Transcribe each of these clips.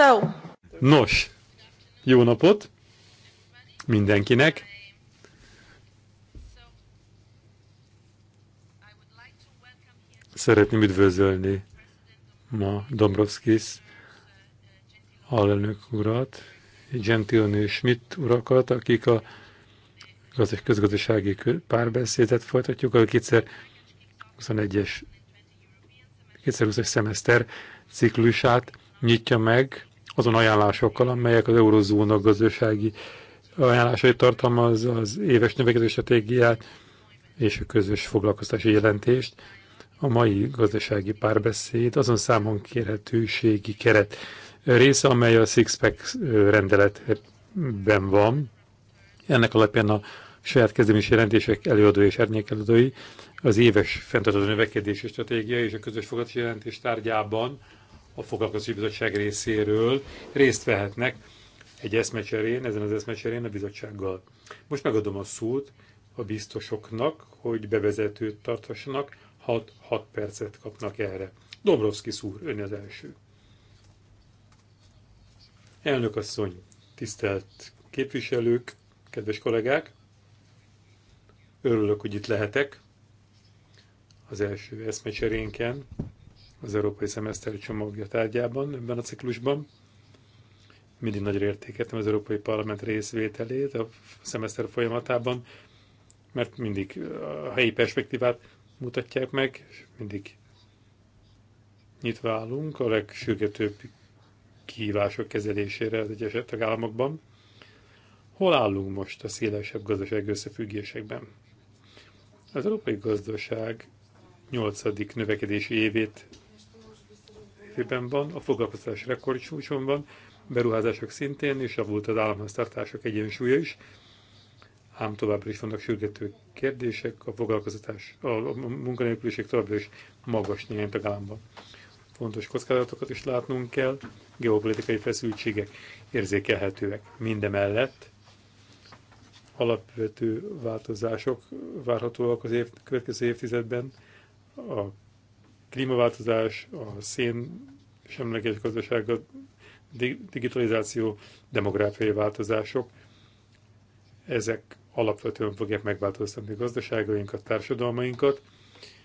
So. Nos, jó napot mindenkinek. Szeretném üdvözölni ma Dombrovskis alelnök urat, Gentilnő Schmidt urakat, akik a közgazdasági párbeszédet folytatjuk, a 2021-es 2020-as szemeszter ciklusát nyitja meg azon ajánlásokkal, amelyek az eurozóna gazdasági ajánlásait tartalmaz, az éves növekedés stratégiát és a közös foglalkoztási jelentést. A mai gazdasági párbeszéd azon számon kérhetőségi keret része, amely a Sixpack rendeletben van. Ennek alapján a saját kezdeményes jelentések előadói és árnyékelődői, az éves fenntartható növekedési stratégia és a közös fogadási jelentés tárgyában a Foglalkozási Bizottság részéről részt vehetnek egy eszmecserén, ezen az eszmecserén a bizottsággal. Most megadom a szót a biztosoknak, hogy bevezetőt tartassanak, 6-6 percet kapnak erre. Dombrovszki szúr, ön az első. Elnök asszony, tisztelt képviselők, kedves kollégák! Örülök, hogy itt lehetek az első eszmecserénken, az európai szemeszter csomagja tárgyában ebben a ciklusban. Mindig nagyra értékeltem az Európai Parlament részvételét a szemeszter folyamatában, mert mindig a helyi perspektívát mutatják meg, és mindig nyitva állunk a legsürgetőbb kihívások kezelésére az egyes tagállamokban. Hol állunk most a szélesebb gazdaság összefüggésekben? Az európai gazdaság 8. növekedési évét mértékben van, a foglalkoztatás rekordcsúcson van, beruházások szintén, és a volt az államháztartások egyensúlya is, ám továbbra is vannak sürgető kérdések, a foglalkoztatás, a munkanélküliség továbbra is magas néhány tagállamban. Fontos kockázatokat is látnunk kell, geopolitikai feszültségek érzékelhetőek. Mindemellett alapvető változások várhatóak az év, következő évtizedben, a klímaváltozás, a szén semleges gazdaság, a digitalizáció, demográfiai változások, ezek alapvetően fogják megváltoztatni a gazdaságainkat, társadalmainkat,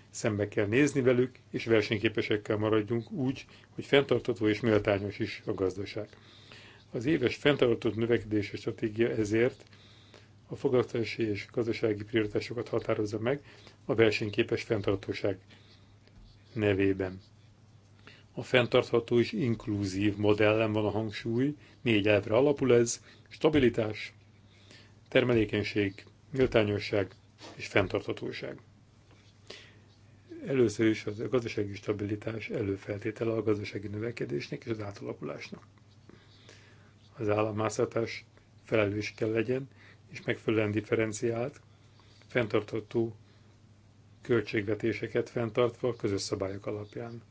szembe kell nézni velük, és versenyképesekkel maradjunk úgy, hogy fenntartató és méltányos is a gazdaság. Az éves fenntartható növekedési stratégia ezért a foglalkozási és gazdasági prioritásokat határozza meg a versenyképes fenntartóság nevében. A fenntartható és inkluzív modellen van a hangsúly, négy elvre alapul ez, stabilitás, termelékenység, méltányosság és fenntarthatóság. Először is az a gazdasági stabilitás előfeltétele a gazdasági növekedésnek és az átalakulásnak. Az államháztartás felelős kell legyen, és megfelelően differenciált, fenntartható költségvetéseket fenntartva a közös szabályok alapján.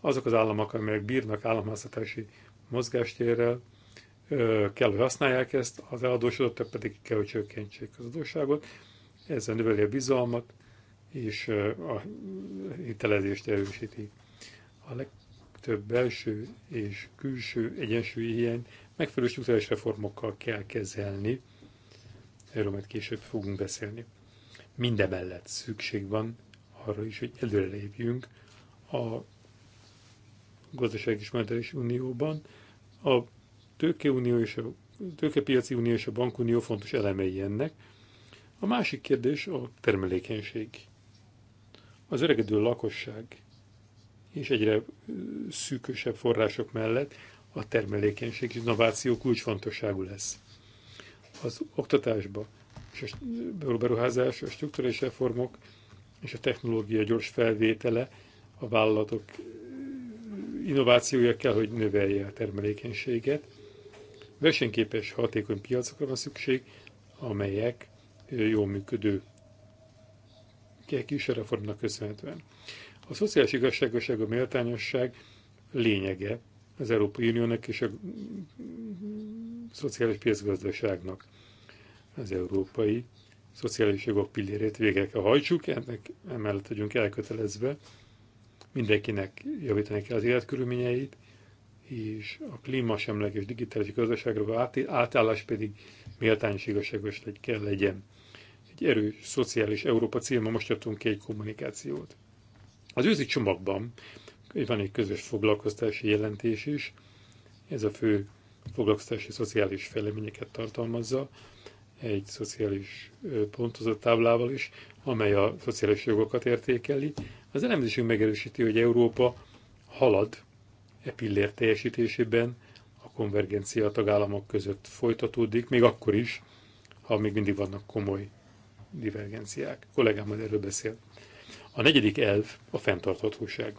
Azok az államok, amelyek bírnak államháztatási mozgástérrel, kell, hogy használják ezt, az eladósodottak pedig kell, hogy csökkentsék az adósságot, ezzel növeli a bizalmat, és a hitelezést erősíti. A legtöbb belső és külső egyensúlyi hiány megfelelő struktúrális reformokkal kell kezelni, erről majd később fogunk beszélni mindemellett szükség van arra is, hogy előrelépjünk a gazdasági és monetáris unióban. A tőkeunió és a tőkepiaci unió és a bankunió fontos elemei ennek. A másik kérdés a termelékenység. Az öregedő lakosság és egyre szűkösebb források mellett a termelékenység és innováció kulcsfontosságú lesz. Az oktatásba, és a beruházás, a struktúrális reformok és a technológia gyors felvétele a vállalatok innovációja kell, hogy növelje a termelékenységet. Versenyképes, hatékony piacokra van szükség, amelyek jól működő kis reformnak köszönhetően. A szociális igazságosság, a méltányosság lényege az Európai Uniónak és a mm, mm, szociális piacgazdaságnak az európai szociális jogok pillérét végre kell hajtsuk, ennek emellett vagyunk elkötelezve, mindenkinek javítani kell az életkörülményeit, és a semleges digitális gazdaságra átállás pedig méltányos igazságos legy, kell legyen. Egy erős szociális Európa célma most adtunk ki egy kommunikációt. Az őzi csomagban van egy közös foglalkoztási jelentés is, ez a fő foglalkoztási szociális fejleményeket tartalmazza, egy szociális pontozott táblával is, amely a szociális jogokat értékeli. Az elemzésünk megerősíti, hogy Európa halad e pillér teljesítésében, a konvergencia a tagállamok között folytatódik, még akkor is, ha még mindig vannak komoly divergenciák. A kollégám majd erről beszél. A negyedik elv a fenntarthatóság.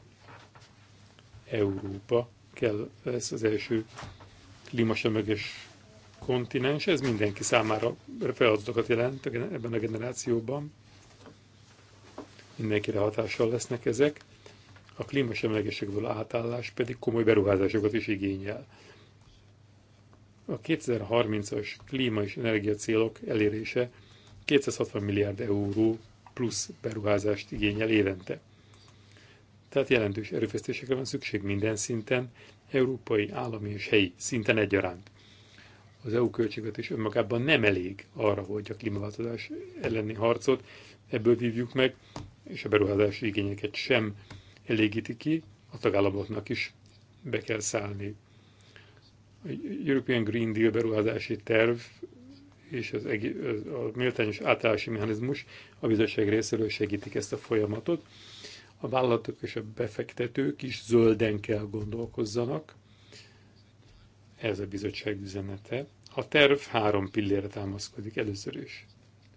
Európa kell, ez az első klímasemleges kontinens, ez mindenki számára feladatokat jelent ebben a generációban. Mindenkire hatással lesznek ezek. A klímasemlegesekből átállás pedig komoly beruházásokat is igényel. A 2030-as klíma és energia célok elérése 260 milliárd euró plusz beruházást igényel évente. Tehát jelentős erőfeszítésekre van szükség minden szinten, európai, állami és helyi szinten egyaránt az EU költségvetés önmagában nem elég arra, hogy a klímaváltozás elleni harcot ebből vívjuk meg, és a beruházási igényeket sem elégíti ki, a tagállamoknak is be kell szállni. A European Green Deal beruházási terv és az, a méltányos átállási mechanizmus a bizottság részéről segítik ezt a folyamatot. A vállalatok és a befektetők is zölden kell gondolkozzanak, ez a bizottság üzenete. A terv három pillére támaszkodik először is.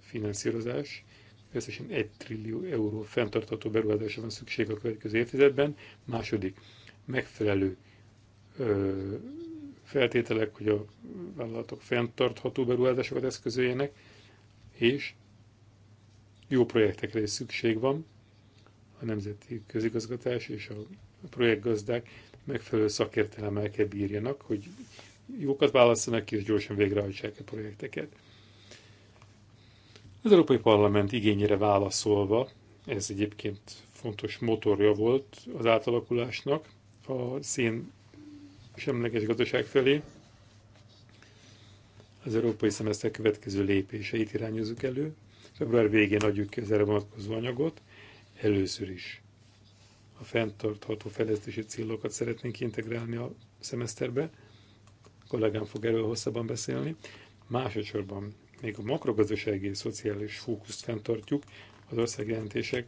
Finanszírozás, összesen 1 trillió euró fenntartható beruházásra van szükség a következő évtizedben. Második, megfelelő ö, feltételek, hogy a vállalatok fenntartható beruházásokat eszközöljenek, és jó projektekre is szükség van, a nemzeti közigazgatás és a projektgazdák megfelelő szakértelemmel kell bírjanak, hogy jókat válasszanak ki, és gyorsan végrehajtsák a projekteket. Az Európai Parlament igényére válaszolva, ez egyébként fontos motorja volt az átalakulásnak a szén semleges gazdaság felé, az európai szemeszter következő lépéseit irányozunk elő. Február végén adjuk ki az erre vonatkozó anyagot. Először is a fenntartható fejlesztési célokat szeretnénk integrálni a szemeszterbe kollégám fog erről hosszabban beszélni. Másodszorban még a makrogazdasági és szociális fókuszt fenntartjuk, az országjelentések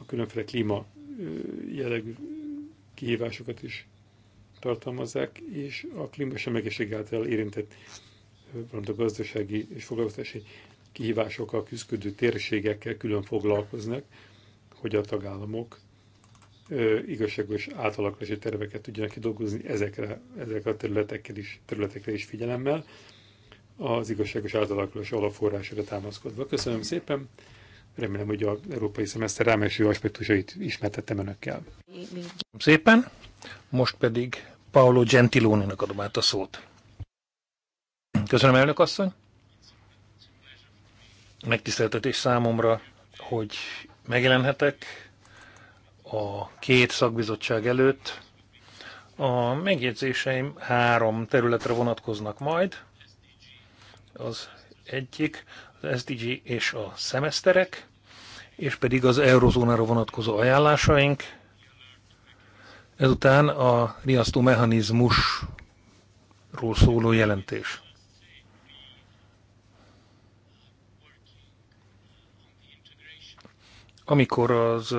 a különféle klíma jellegű kihívásokat is tartalmazzák, és a semlegeség által érintett valamint a gazdasági és foglalkoztási kihívásokkal küzdő térségekkel külön foglalkoznak, hogy a tagállamok igazságos átalakulási terveket tudjanak kidolgozni ezekre, ezekre a területekkel is, területekre is figyelemmel, az igazságos átalakulás alapforrásra támaszkodva. Köszönöm szépen, remélem, hogy az európai szemeszter rámeső aspektusait ismertettem önökkel. Szépen, most pedig Paolo Gentiloni-nak adom át a szót. Köszönöm, elnök asszony! Megtiszteltetés számomra, hogy megjelenhetek a két szakbizottság előtt. A megjegyzéseim három területre vonatkoznak majd. Az egyik az SDG és a szemeszterek, és pedig az eurozónára vonatkozó ajánlásaink. Ezután a riasztó mechanizmusról szóló jelentés. Amikor az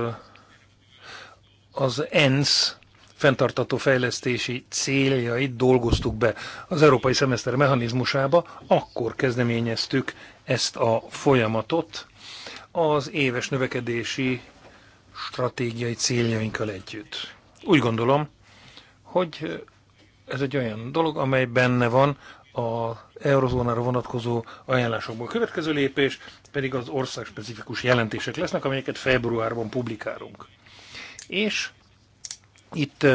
az ENSZ fenntartató fejlesztési céljait dolgoztuk be az európai szemeszter mechanizmusába, akkor kezdeményeztük ezt a folyamatot az éves növekedési stratégiai céljainkkal együtt. Úgy gondolom, hogy ez egy olyan dolog, amely benne van az eurozónára vonatkozó ajánlásokból. A következő lépés pedig az országspecifikus jelentések lesznek, amelyeket februárban publikálunk. És itt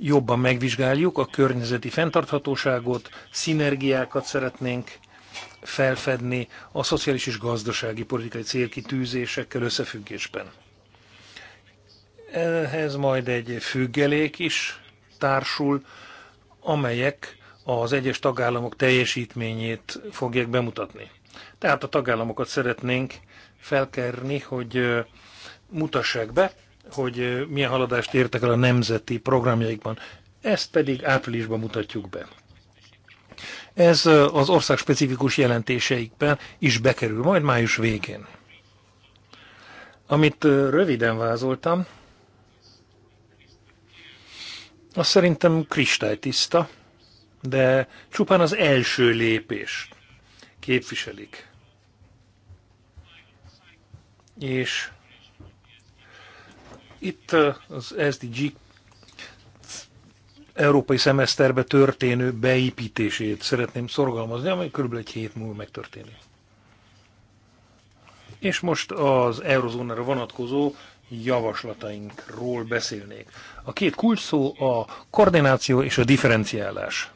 jobban megvizsgáljuk a környezeti fenntarthatóságot, szinergiákat szeretnénk felfedni a szociális és gazdasági politikai célkitűzésekkel összefüggésben. Ehhez majd egy függelék is társul, amelyek az egyes tagállamok teljesítményét fogják bemutatni. Tehát a tagállamokat szeretnénk felkerni, hogy mutassák be, hogy milyen haladást értek el a nemzeti programjaikban. Ezt pedig áprilisban mutatjuk be. Ez az ország specifikus jelentéseikben is bekerül, majd május végén. Amit röviden vázoltam, az szerintem kristálytiszta, de csupán az első lépés képviselik. És itt az SDG európai szemeszterbe történő beépítését szeretném szorgalmazni, amely körülbelül egy hét múlva megtörténik. És most az eurozónára vonatkozó javaslatainkról beszélnék. A két kulcs szó a koordináció és a differenciálás.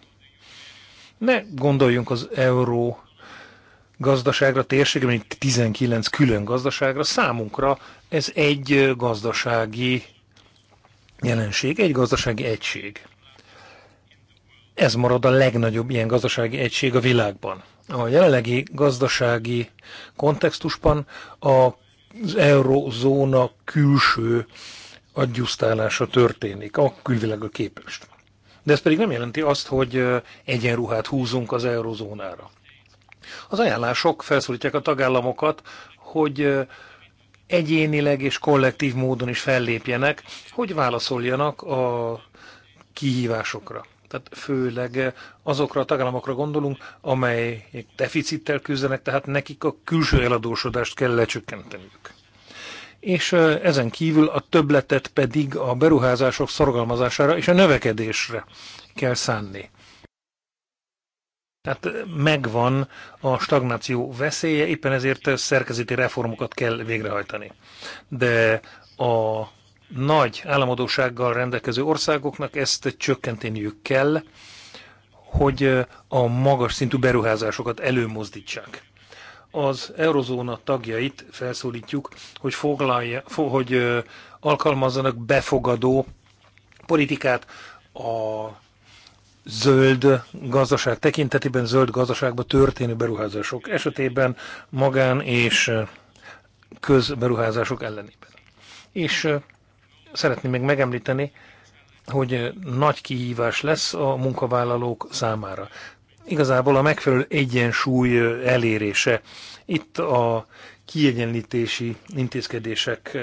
Ne gondoljunk az euró gazdaságra, térségre, mint 19 külön gazdaságra, számunkra ez egy gazdasági jelenség, egy gazdasági egység. Ez marad a legnagyobb ilyen gazdasági egység a világban. A jelenlegi gazdasági kontextusban az eurozóna külső adjusztálása történik a külvilágra képest. De ez pedig nem jelenti azt, hogy egyenruhát húzunk az eurozónára. Az ajánlások felszólítják a tagállamokat, hogy egyénileg és kollektív módon is fellépjenek, hogy válaszoljanak a kihívásokra. Tehát főleg azokra a tagállamokra gondolunk, amelyek deficittel küzdenek, tehát nekik a külső eladósodást kell lecsökkenteniük. És ezen kívül a többletet pedig a beruházások szorgalmazására és a növekedésre kell szánni. Tehát megvan a stagnáció veszélye, éppen ezért szerkezeti reformokat kell végrehajtani. De a nagy államadósággal rendelkező országoknak ezt csökkenteniük kell, hogy a magas szintű beruházásokat előmozdítsák. Az eurozóna tagjait felszólítjuk, hogy, foglalja, hogy alkalmazzanak befogadó politikát a zöld gazdaság tekintetében, zöld gazdaságba történő beruházások esetében, magán és közberuházások ellenében. És szeretném még megemlíteni, hogy nagy kihívás lesz a munkavállalók számára. Igazából a megfelelő egyensúly elérése. Itt a kiegyenlítési intézkedések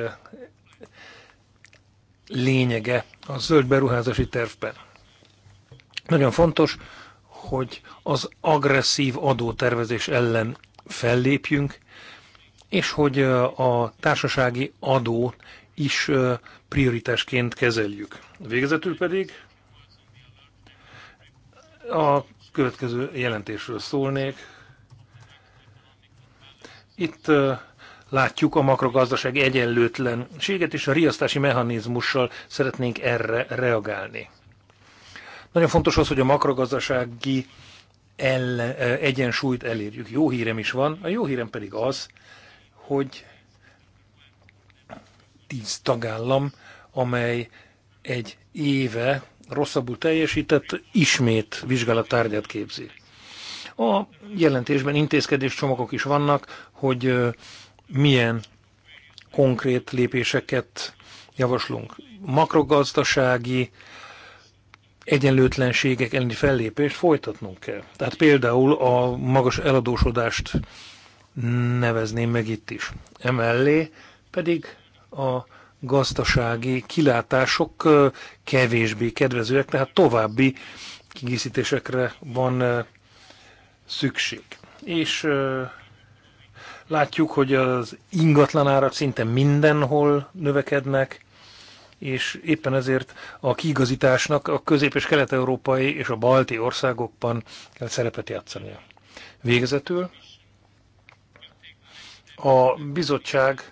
lényege a zöld beruházási tervben. Nagyon fontos, hogy az agresszív adótervezés ellen fellépjünk, és hogy a társasági adó is prioritásként kezeljük. Végezetül pedig a következő jelentésről szólnék. Itt látjuk a makrogazdaság egyenlőtlenséget, és a riasztási mechanizmussal szeretnénk erre reagálni. Nagyon fontos az, hogy a makrogazdasági el, e, egyensúlyt elérjük. Jó hírem is van, a jó hírem pedig az, hogy tíz tagállam, amely egy éve rosszabbul teljesített, ismét vizsgálattárgyát képzi. A jelentésben intézkedés csomagok is vannak, hogy milyen konkrét lépéseket javaslunk. Makrogazdasági egyenlőtlenségek elleni fellépést folytatnunk kell. Tehát például a magas eladósodást nevezném meg itt is. Emellé pedig a gazdasági kilátások kevésbé kedvezőek, tehát további kigészítésekre van szükség. És látjuk, hogy az ingatlanárak szinte mindenhol növekednek, és éppen ezért a kiigazításnak a közép- és kelet-európai és a balti országokban kell szerepet játszania. Végezetül a bizottság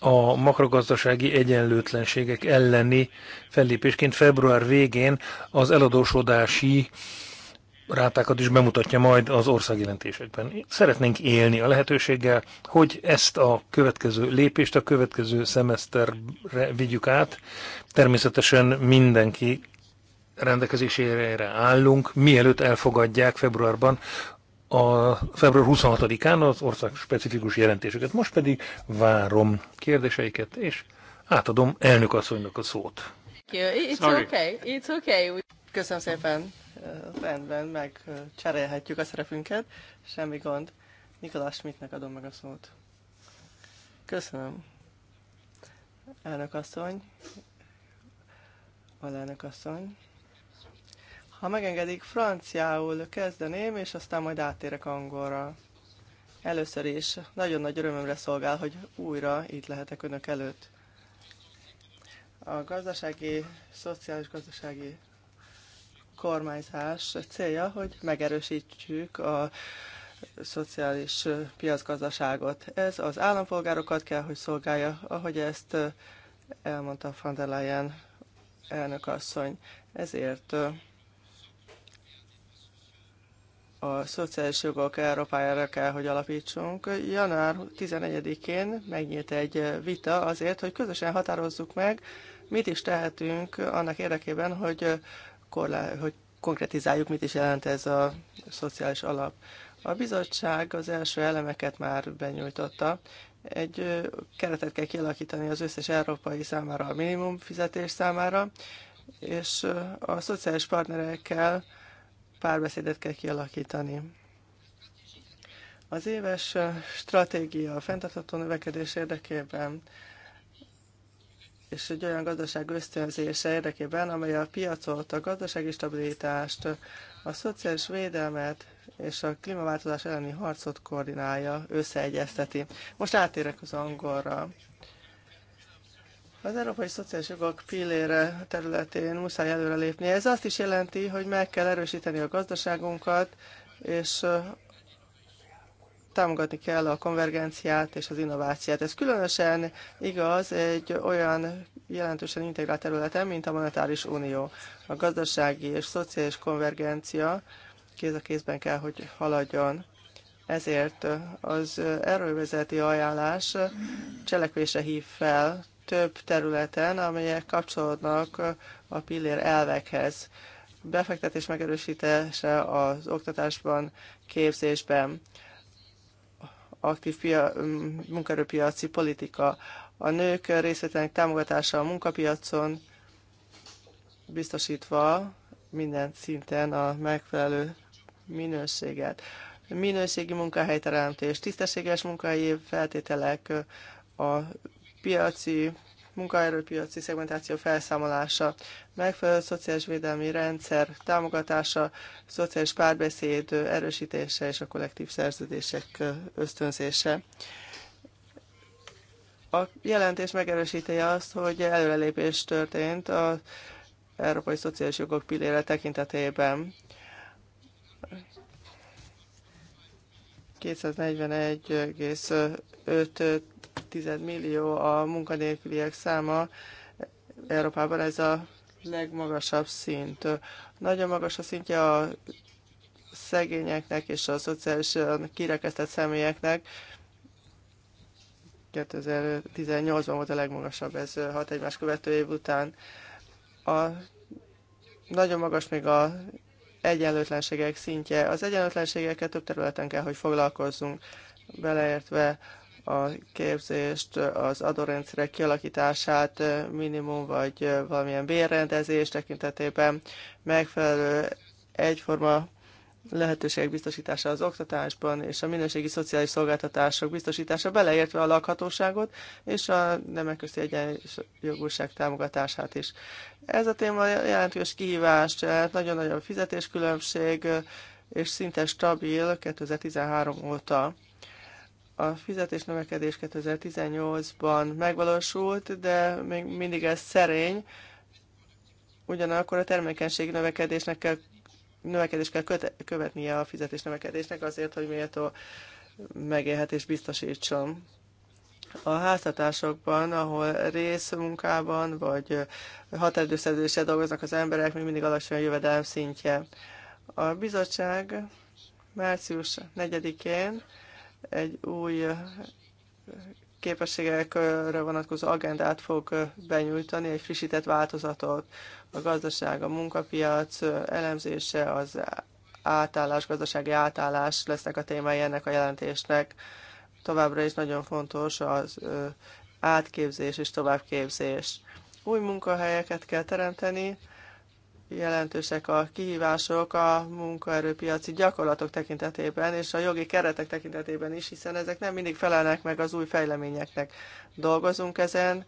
a makrogazdasági egyenlőtlenségek elleni fellépésként február végén az eladósodási rátákat is bemutatja majd az országjelentésekben. Szeretnénk élni a lehetőséggel, hogy ezt a következő lépést a következő szemeszterre vigyük át. Természetesen mindenki rendelkezésére állunk, mielőtt elfogadják februárban a február 26-án az ország specifikus jelentéseket. Most pedig várom kérdéseiket, és átadom elnök asszonynak a szót. It's okay. It's okay. Köszönöm szépen rendben, cserélhetjük a szerepünket, semmi gond. Nikolás Schmidtnek adom meg a szót. Köszönöm. Elnök asszony, alelnök asszony. Ha megengedik, franciául kezdeném, és aztán majd átérek angolra. Először is nagyon nagy örömömre szolgál, hogy újra itt lehetek önök előtt. A gazdasági, szociális gazdasági kormányzás célja, hogy megerősítsük a szociális piacgazdaságot. Ez az állampolgárokat kell, hogy szolgálja, ahogy ezt elmondta van der Leyen elnökasszony. Ezért a szociális jogok Európájára kell, hogy alapítsunk. Január 11-én megnyílt egy vita azért, hogy közösen határozzuk meg, mit is tehetünk annak érdekében, hogy korlá, hogy konkretizáljuk, mit is jelent ez a szociális alap. A bizottság az első elemeket már benyújtotta. Egy keretet kell kialakítani az összes európai számára, a minimum fizetés számára, és a szociális partnerekkel párbeszédet kell kialakítani. Az éves stratégia a fenntartható növekedés érdekében és egy olyan gazdaság ösztönzése érdekében, amely a piacot, a gazdasági stabilitást, a szociális védelmet és a klímaváltozás elleni harcot koordinálja, összeegyezteti. Most átérek az angolra. Az Európai Szociális Jogok pillére területén muszáj előrelépni. Ez azt is jelenti, hogy meg kell erősíteni a gazdaságunkat, és támogatni kell a konvergenciát és az innovációt. Ez különösen igaz egy olyan jelentősen integrált területen, mint a monetáris unió. A gazdasági és szociális konvergencia kéz a kézben kell, hogy haladjon. Ezért az erővezeti ajánlás cselekvése hív fel több területen, amelyek kapcsolódnak a pillér elvekhez. Befektetés megerősítése az oktatásban, képzésben, aktív pia, mm, munkerőpiaci politika, a nők részvételének támogatása a munkapiacon, biztosítva minden szinten a megfelelő minőséget. Minőségi munkahelyteremtés, tisztességes munkahelyi feltételek, a piaci munkaerőpiaci szegmentáció felszámolása, megfelelő szociális védelmi rendszer támogatása, szociális párbeszéd erősítése és a kollektív szerződések ösztönzése. A jelentés megerősíti azt, hogy előrelépés történt az Európai Szociális Jogok pillére tekintetében. 241,5 1,2 millió a munkanélküliek száma Európában, ez a legmagasabb szint. Nagyon magas a szintje a szegényeknek és a szociális kirekesztett személyeknek. 2018-ban volt a legmagasabb, ez hat egymás követő év után. A, nagyon magas még a egyenlőtlenségek szintje. Az egyenlőtlenségekkel több területen kell, hogy foglalkozzunk, beleértve a képzést, az adórendszerek kialakítását, minimum vagy valamilyen bérrendezés tekintetében megfelelő egyforma lehetőségek biztosítása az oktatásban és a minőségi szociális szolgáltatások biztosítása, beleértve a lakhatóságot és a nemek közti egyenjogúság támogatását is. Ez a téma jelentős kihívás, nagyon nagyon fizetéskülönbség, és szinte stabil 2013 óta a fizetésnövekedés 2018-ban megvalósult, de még mindig ez szerény. Ugyanakkor a termékenység növekedésnek kell, növekedés kell követnie a fizetés növekedésnek azért, hogy méltó megélhetés biztosítson. A háztatásokban, ahol részmunkában vagy határidőszerződéssel dolgoznak az emberek, még mindig alacsony a jövedelem szintje. A bizottság március 4-én egy új képességekre vonatkozó agendát fog benyújtani, egy frissített változatot, a gazdaság, a munkapiac elemzése, az átállás, gazdasági átállás lesznek a témái ennek a jelentésnek. Továbbra is nagyon fontos az átképzés és továbbképzés. Új munkahelyeket kell teremteni, jelentősek a kihívások a munkaerőpiaci gyakorlatok tekintetében és a jogi keretek tekintetében is, hiszen ezek nem mindig felelnek meg az új fejleményeknek. Dolgozunk ezen,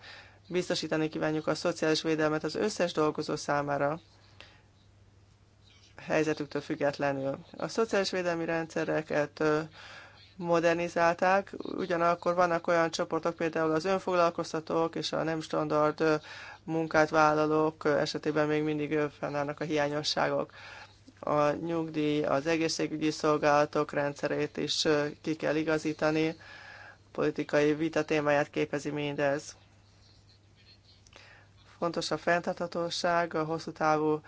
biztosítani kívánjuk a szociális védelmet az összes dolgozó számára helyzetüktől függetlenül. A szociális védelmi rendszereket modernizálták, ugyanakkor vannak olyan csoportok, például az önfoglalkoztatók és a nem standard munkát vállalók esetében még mindig fennállnak a hiányosságok. A nyugdíj, az egészségügyi szolgálatok rendszerét is ki kell igazítani, politikai vita témáját képezi mindez. Fontos a fenntarthatóság, a hosszú távú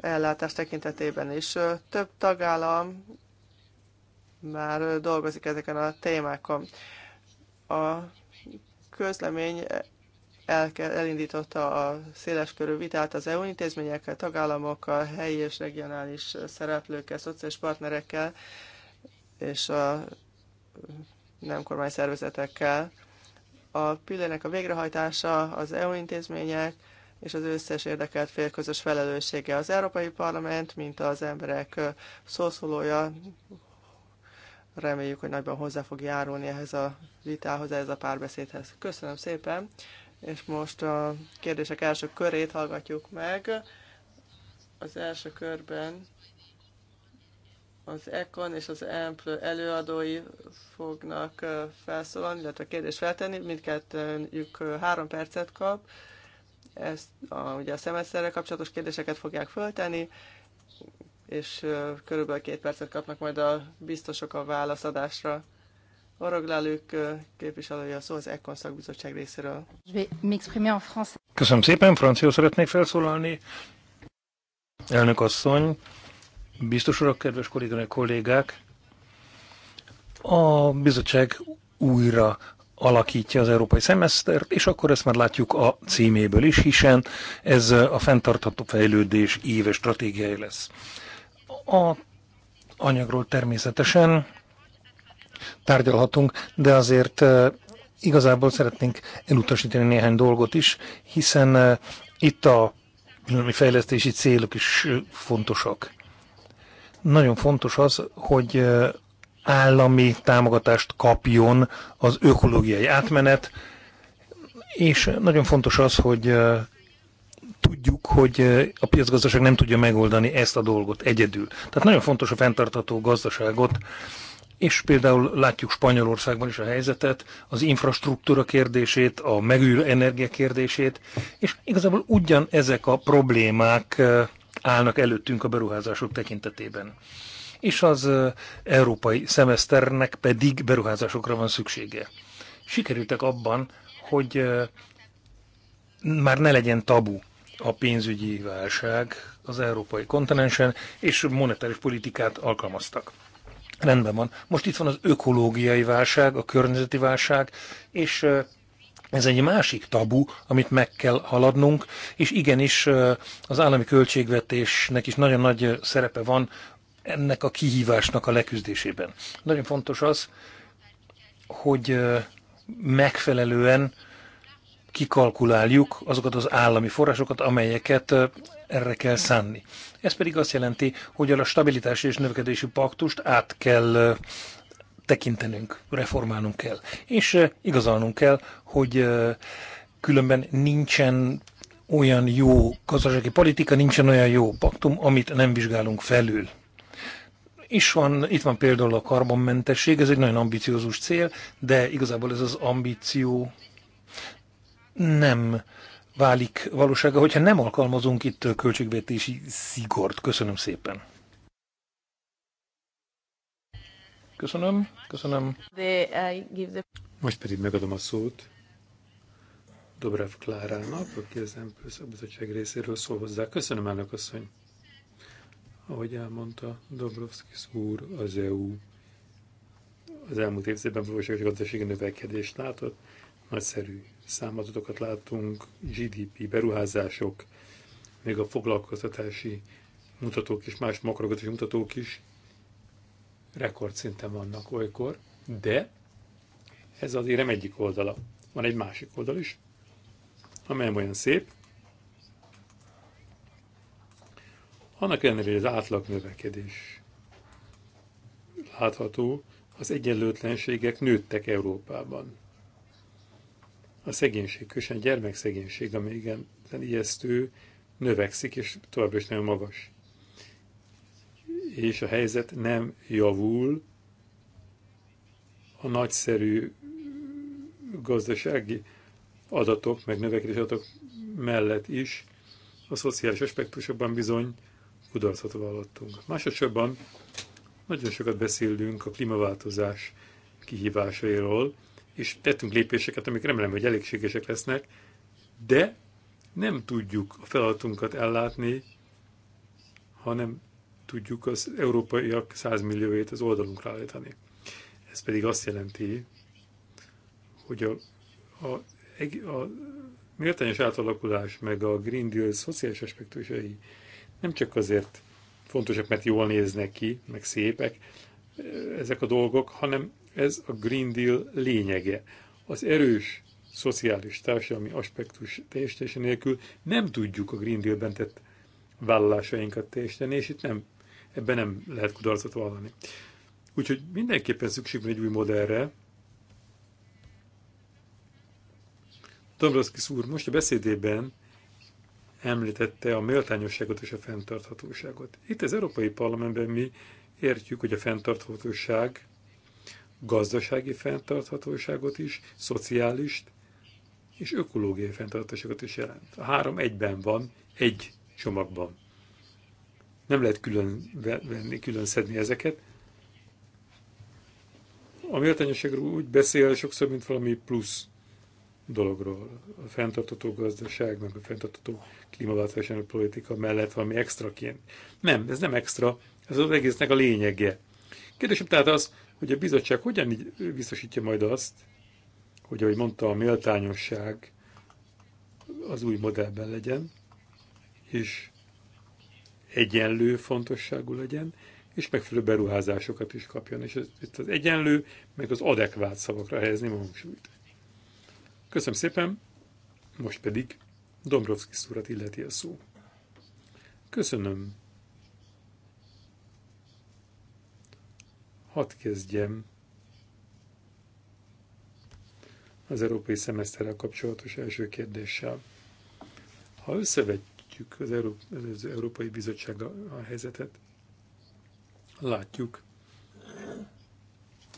ellátás tekintetében is. Több tagállam már dolgozik ezeken a témákon. A közlemény el, elindította a széleskörű vitát az EU intézményekkel, tagállamokkal, helyi és regionális szereplőkkel, szociális partnerekkel és a nem kormány szervezetekkel. A pillének a végrehajtása az EU intézmények és az összes érdekelt fél közös felelőssége. Az Európai Parlament, mint az emberek szószólója, reméljük, hogy nagyban hozzá fog járulni ehhez a vitához, ehhez a párbeszédhez. Köszönöm szépen! És most a kérdések első körét hallgatjuk meg. Az első körben az Econ és az Ample előadói fognak felszólalni, illetve kérdést feltenni. Mindkettőjük három percet kap. Ezt a, ugye a szemeszterrel kapcsolatos kérdéseket fogják föltenni, és körülbelül két percet kapnak majd a biztosok a válaszadásra. Oroglálők képviselője a szó az ECON szakbizottság részéről. Köszönöm szépen, francia szeretnék felszólalni. Elnök asszony, biztos urak, kedves kolléganő kollégák, a bizottság újra alakítja az európai szemesztert, és akkor ezt már látjuk a címéből is, hiszen ez a fenntartható fejlődés éves stratégiai lesz. A anyagról természetesen tárgyalhatunk, de azért eh, igazából szeretnénk elutasítani néhány dolgot is, hiszen eh, itt a fejlesztési célok is eh, fontosak. Nagyon fontos az, hogy állami támogatást kapjon az ökológiai átmenet, és nagyon fontos az, hogy tudjuk, hogy a piacgazdaság nem tudja megoldani ezt a dolgot egyedül. Tehát nagyon fontos a fenntartható gazdaságot és például látjuk Spanyolországban is a helyzetet, az infrastruktúra kérdését, a megűrő energia kérdését, és igazából ugyan ezek a problémák állnak előttünk a beruházások tekintetében. És az európai szemeszternek pedig beruházásokra van szüksége. Sikerültek abban, hogy már ne legyen tabu a pénzügyi válság az európai kontinensen, és monetáris politikát alkalmaztak. Rendben van. Most itt van az ökológiai válság, a környezeti válság, és ez egy másik tabu, amit meg kell haladnunk, és igenis az állami költségvetésnek is nagyon nagy szerepe van ennek a kihívásnak a leküzdésében. Nagyon fontos az, hogy megfelelően kikalkuláljuk azokat az állami forrásokat, amelyeket erre kell szánni. Ez pedig azt jelenti, hogy a stabilitási és növekedési paktust át kell tekintenünk, reformálnunk kell. És igazolnunk kell, hogy különben nincsen olyan jó gazdasági politika, nincsen olyan jó paktum, amit nem vizsgálunk felül. És van, itt van például a karbonmentesség, ez egy nagyon ambiciózus cél, de igazából ez az ambíció nem válik valósága, hogyha nem alkalmazunk itt költségvetési szigort. Köszönöm szépen. Köszönöm, köszönöm. Most pedig megadom a szót Dobrev Klárának, aki az MPSZ részéről szól hozzá. Köszönöm, elnök asszony. Ahogy elmondta Dobrovskis úr, az EU az elmúlt évtizedben valóságos gazdasági növekedést látott, nagyszerű számadatokat látunk, GDP, beruházások, még a foglalkoztatási mutatók is, más makrogatási mutatók is rekordszinten vannak olykor, de ez az érem egyik oldala. Van egy másik oldal is, amely olyan szép. Annak ellenére, hogy az átlag növekedés látható, az egyenlőtlenségek nőttek Európában a szegénység, különösen a gyermekszegénység, ami igen ijesztő, növekszik, és továbbra is nagyon magas. És a helyzet nem javul a nagyszerű gazdasági adatok, meg növekedési adatok mellett is a szociális aspektusokban bizony kudarcot vallottunk. Másodszorban nagyon sokat beszélünk a klímaváltozás kihívásairól, és tettünk lépéseket, amik remélem, hogy elégségesek lesznek, de nem tudjuk a feladatunkat ellátni, hanem tudjuk az európaiak 100 milliójét az oldalunkra állítani. Ez pedig azt jelenti, hogy a, a, a méltányos átalakulás meg a Green Deal szociális aspektusai nem csak azért fontosak, mert jól néznek ki, meg szépek ezek a dolgok, hanem ez a Green Deal lényege. Az erős szociális társadalmi aspektus teljesítése nélkül nem tudjuk a Green Deal-ben tett vállalásainkat teljesíteni, és itt nem, ebben nem lehet kudarcot vallani. Úgyhogy mindenképpen szükség van egy új modellre. Dombrovskis úr most a beszédében említette a méltányosságot és a fenntarthatóságot. Itt az Európai Parlamentben mi értjük, hogy a fenntarthatóság gazdasági fenntarthatóságot is, szociális és ökológiai fenntarthatóságot is jelent. A három egyben van, egy csomagban. Nem lehet külön venni, külön szedni ezeket. A méltányosságról úgy beszél sokszor, mint valami plusz dologról. A fenntartató gazdaság, meg a fenntartató klímaváltozásának politika mellett valami extraként. Nem, ez nem extra, ez az egésznek a lényege. Kérdésem tehát az, hogy a bizottság hogyan biztosítja majd azt, hogy ahogy mondta, a méltányosság az új modellben legyen, és egyenlő fontosságú legyen, és megfelelő beruházásokat is kapjon. És itt az egyenlő, meg az adekvát szavakra helyezni a hangsúlyt. Köszönöm szépen, most pedig Dombrovszki szúrat illeti a szó. Köszönöm, Hadd kezdjem az európai szemeszterrel kapcsolatos első kérdéssel. Ha összevetjük az, Euró- az Európai Bizottság a helyzetet, látjuk,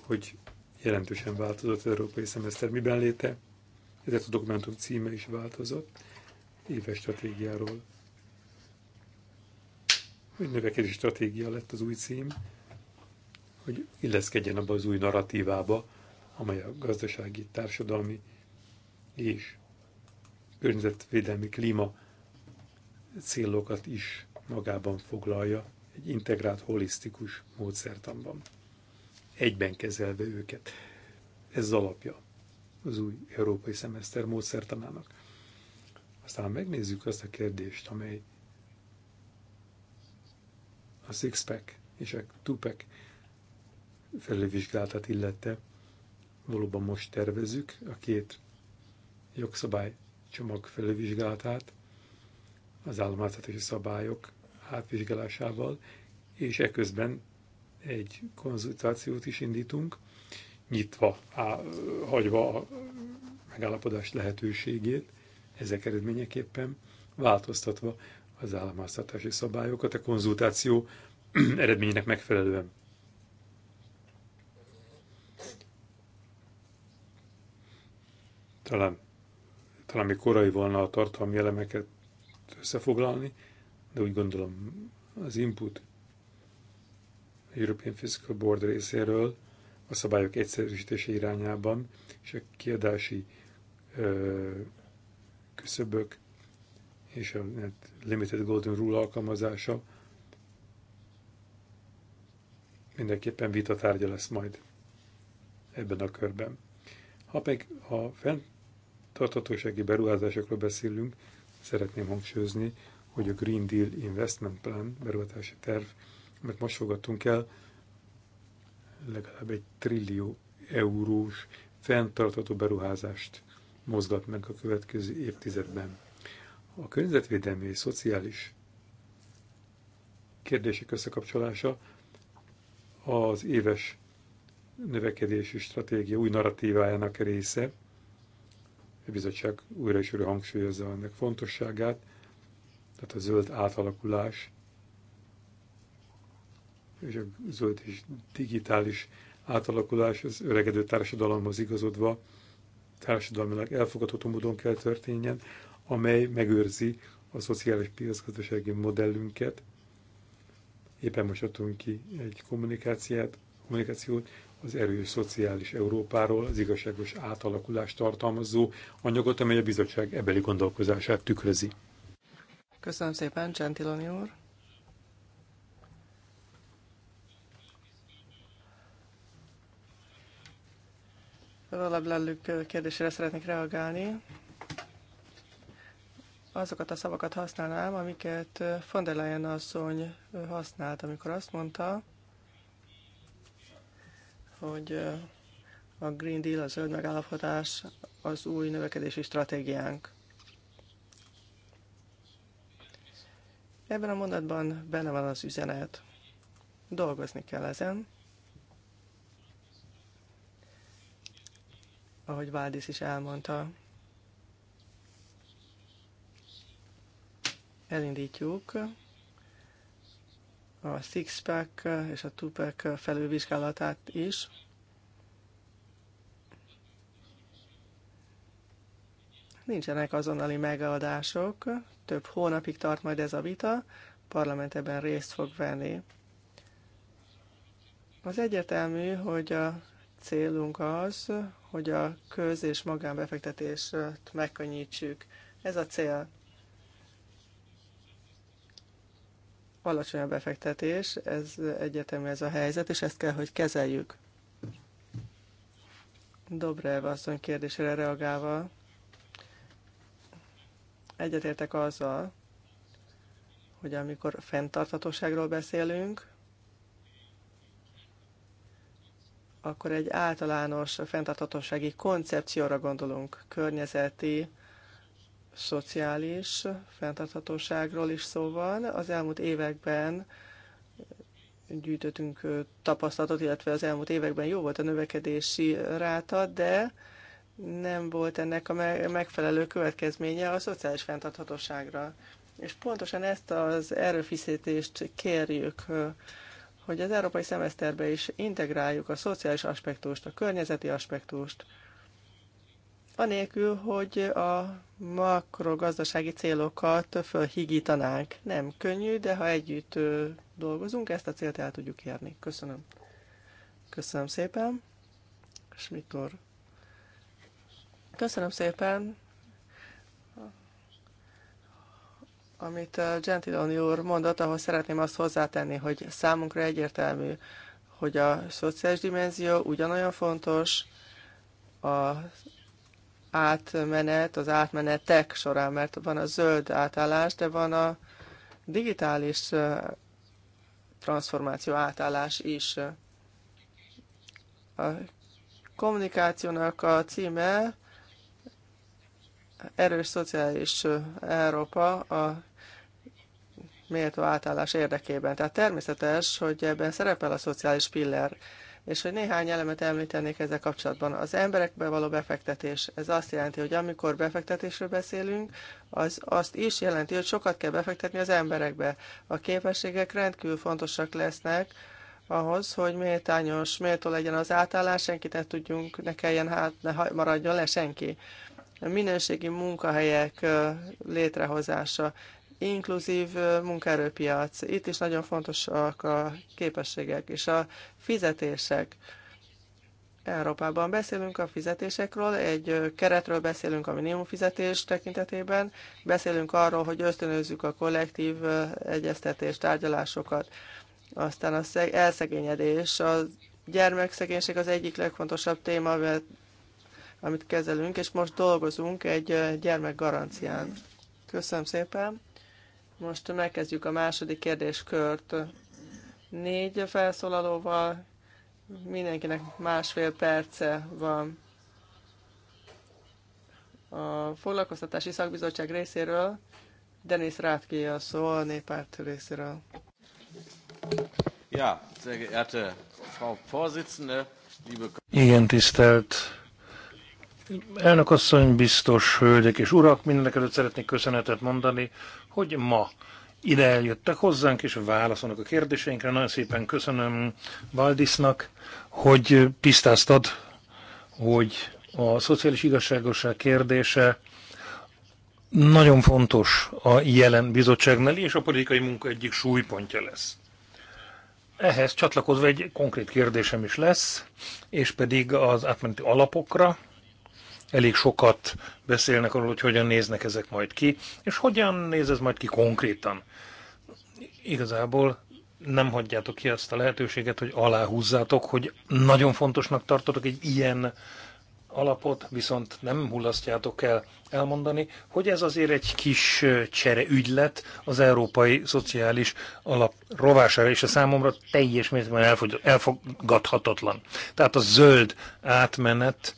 hogy jelentősen változott az európai szemeszter miben léte, Ez a dokumentum címe is változott, éves stratégiáról. Egy növekedési stratégia lett az új cím, hogy illeszkedjen abba az új narratívába, amely a gazdasági, társadalmi és környezetvédelmi klíma célokat is magában foglalja egy integrált, holisztikus módszertanban. Egyben kezelve őket. Ez az alapja az új európai szemeszter módszertanának. Aztán megnézzük azt a kérdést, amely a six-pack és a two-pack felülvizsgálatát illette, valóban most tervezzük a két jogszabály csomag felülvizsgálatát az államháztatási szabályok átvizsgálásával, és eközben egy konzultációt is indítunk, nyitva, á, hagyva a megállapodás lehetőségét, ezek eredményeképpen változtatva az államháztatási szabályokat a konzultáció eredménynek megfelelően. Talán, talán még korai volna a tartalmi elemeket összefoglalni, de úgy gondolom az input a European Fiscal Board részéről a szabályok egyszerűsítése irányában és a kiadási ö, küszöbök és a Limited Golden Rule alkalmazása mindenképpen vitatárgya lesz majd ebben a körben. Ha pedig a fent tartatósági beruházásokról beszélünk, szeretném hangsúlyozni, hogy a Green Deal Investment Plan, beruházási terv, mert most fogadtunk el, legalább egy trillió eurós fenntartató beruházást mozgat meg a következő évtizedben. A környezetvédelmi és szociális kérdések összekapcsolása az éves növekedési stratégia új narratívájának része, a bizottság újra és újra hangsúlyozza ennek fontosságát, tehát a zöld átalakulás és a zöld és digitális átalakulás az öregedő társadalomhoz igazodva társadalmilag elfogadható módon kell történjen, amely megőrzi a szociális piacgazdasági modellünket. Éppen most adtunk ki egy kommunikációt az erős szociális Európáról, az igazságos átalakulást tartalmazó anyagot, amely a bizottság ebeli gondolkozását tükrözi. Köszönöm szépen, Gentiloni úr. Valab kérdésére szeretnék reagálni. Azokat a szavakat használnám, amiket von der Leyen asszony használt, amikor azt mondta, hogy a Green Deal, a zöld megállapodás az új növekedési stratégiánk. Ebben a mondatban benne van az üzenet. Dolgozni kell ezen. Ahogy Váldis is elmondta, elindítjuk a Sixpack és a Tupac felülvizsgálatát is. Nincsenek azonnali megadások. több hónapig tart majd ez a vita, parlament ebben részt fog venni. Az egyetelmű, hogy a célunk az, hogy a köz- és magánbefektetést megkönnyítsük. Ez a cél. alacsony a befektetés, ez egyetemű ez a helyzet, és ezt kell, hogy kezeljük. Dobrev asszony kérdésére reagálva, egyetértek azzal, hogy amikor fenntarthatóságról beszélünk, akkor egy általános fenntarthatósági koncepcióra gondolunk, környezeti, szociális fenntarthatóságról is szó van. Az elmúlt években gyűjtöttünk tapasztalatot, illetve az elmúlt években jó volt a növekedési ráta, de nem volt ennek a megfelelő következménye a szociális fenntarthatóságra. És pontosan ezt az erőfiszítést kérjük, hogy az európai szemeszterbe is integráljuk a szociális aspektust, a környezeti aspektust, anélkül, hogy a makrogazdasági célokat fölhigítanánk. Nem könnyű, de ha együtt dolgozunk, ezt a célt el tudjuk érni. Köszönöm. Köszönöm szépen. Smitor. Köszönöm szépen. Amit Gentiloni úr mondott, ahhoz szeretném azt hozzátenni, hogy számunkra egyértelmű, hogy a szociális dimenzió ugyanolyan fontos, a átmenet, az átmenetek során, mert van a zöld átállás, de van a digitális transformáció átállás is. A kommunikációnak a címe Erős Szociális Európa a méltó átállás érdekében. Tehát természetes, hogy ebben szerepel a szociális pillér. És hogy néhány elemet említenék ezzel kapcsolatban. Az emberekbe való befektetés, ez azt jelenti, hogy amikor befektetésről beszélünk, az azt is jelenti, hogy sokat kell befektetni az emberekbe. A képességek rendkívül fontosak lesznek, ahhoz, hogy méltányos, méltó legyen az átállás, senkit ne tudjunk, ne kelljen, hát, ne maradjon le senki. A minőségi munkahelyek létrehozása inkluzív munkaerőpiac. Itt is nagyon fontosak a képességek és a fizetések. Európában beszélünk a fizetésekről, egy keretről beszélünk a minimumfizetés tekintetében, beszélünk arról, hogy ösztönözzük a kollektív egyeztetés tárgyalásokat, aztán az elszegényedés, a gyermekszegénység az egyik legfontosabb téma, amit kezelünk, és most dolgozunk egy gyermekgarancián. Köszönöm szépen! Most megkezdjük a második kérdéskört. Négy felszólalóval, mindenkinek másfél perce van. A foglalkoztatási szakbizottság részéről Denis Rátki a szó a néppárt részéről. Ja, Frau Vorsitzende, liebe... Igen, tisztelt Elnök asszony, biztos hölgyek és urak, mindenek előtt szeretnék köszönetet mondani hogy ma ide eljöttek hozzánk, és válaszolnak a kérdéseinkre. Nagyon szépen köszönöm Valdisnak, hogy tisztáztad, hogy a szociális igazságosság kérdése nagyon fontos a jelen bizottságnál, és a politikai munka egyik súlypontja lesz. Ehhez csatlakozva egy konkrét kérdésem is lesz, és pedig az átmeneti alapokra elég sokat beszélnek arról, hogy hogyan néznek ezek majd ki, és hogyan néz ez majd ki konkrétan. Igazából nem hagyjátok ki azt a lehetőséget, hogy aláhúzzátok, hogy nagyon fontosnak tartotok egy ilyen alapot, viszont nem hullasztjátok el elmondani, hogy ez azért egy kis csere ügylet az európai szociális alap rovására, és a számomra teljes mértékben elfogadhatatlan. Tehát a zöld átmenet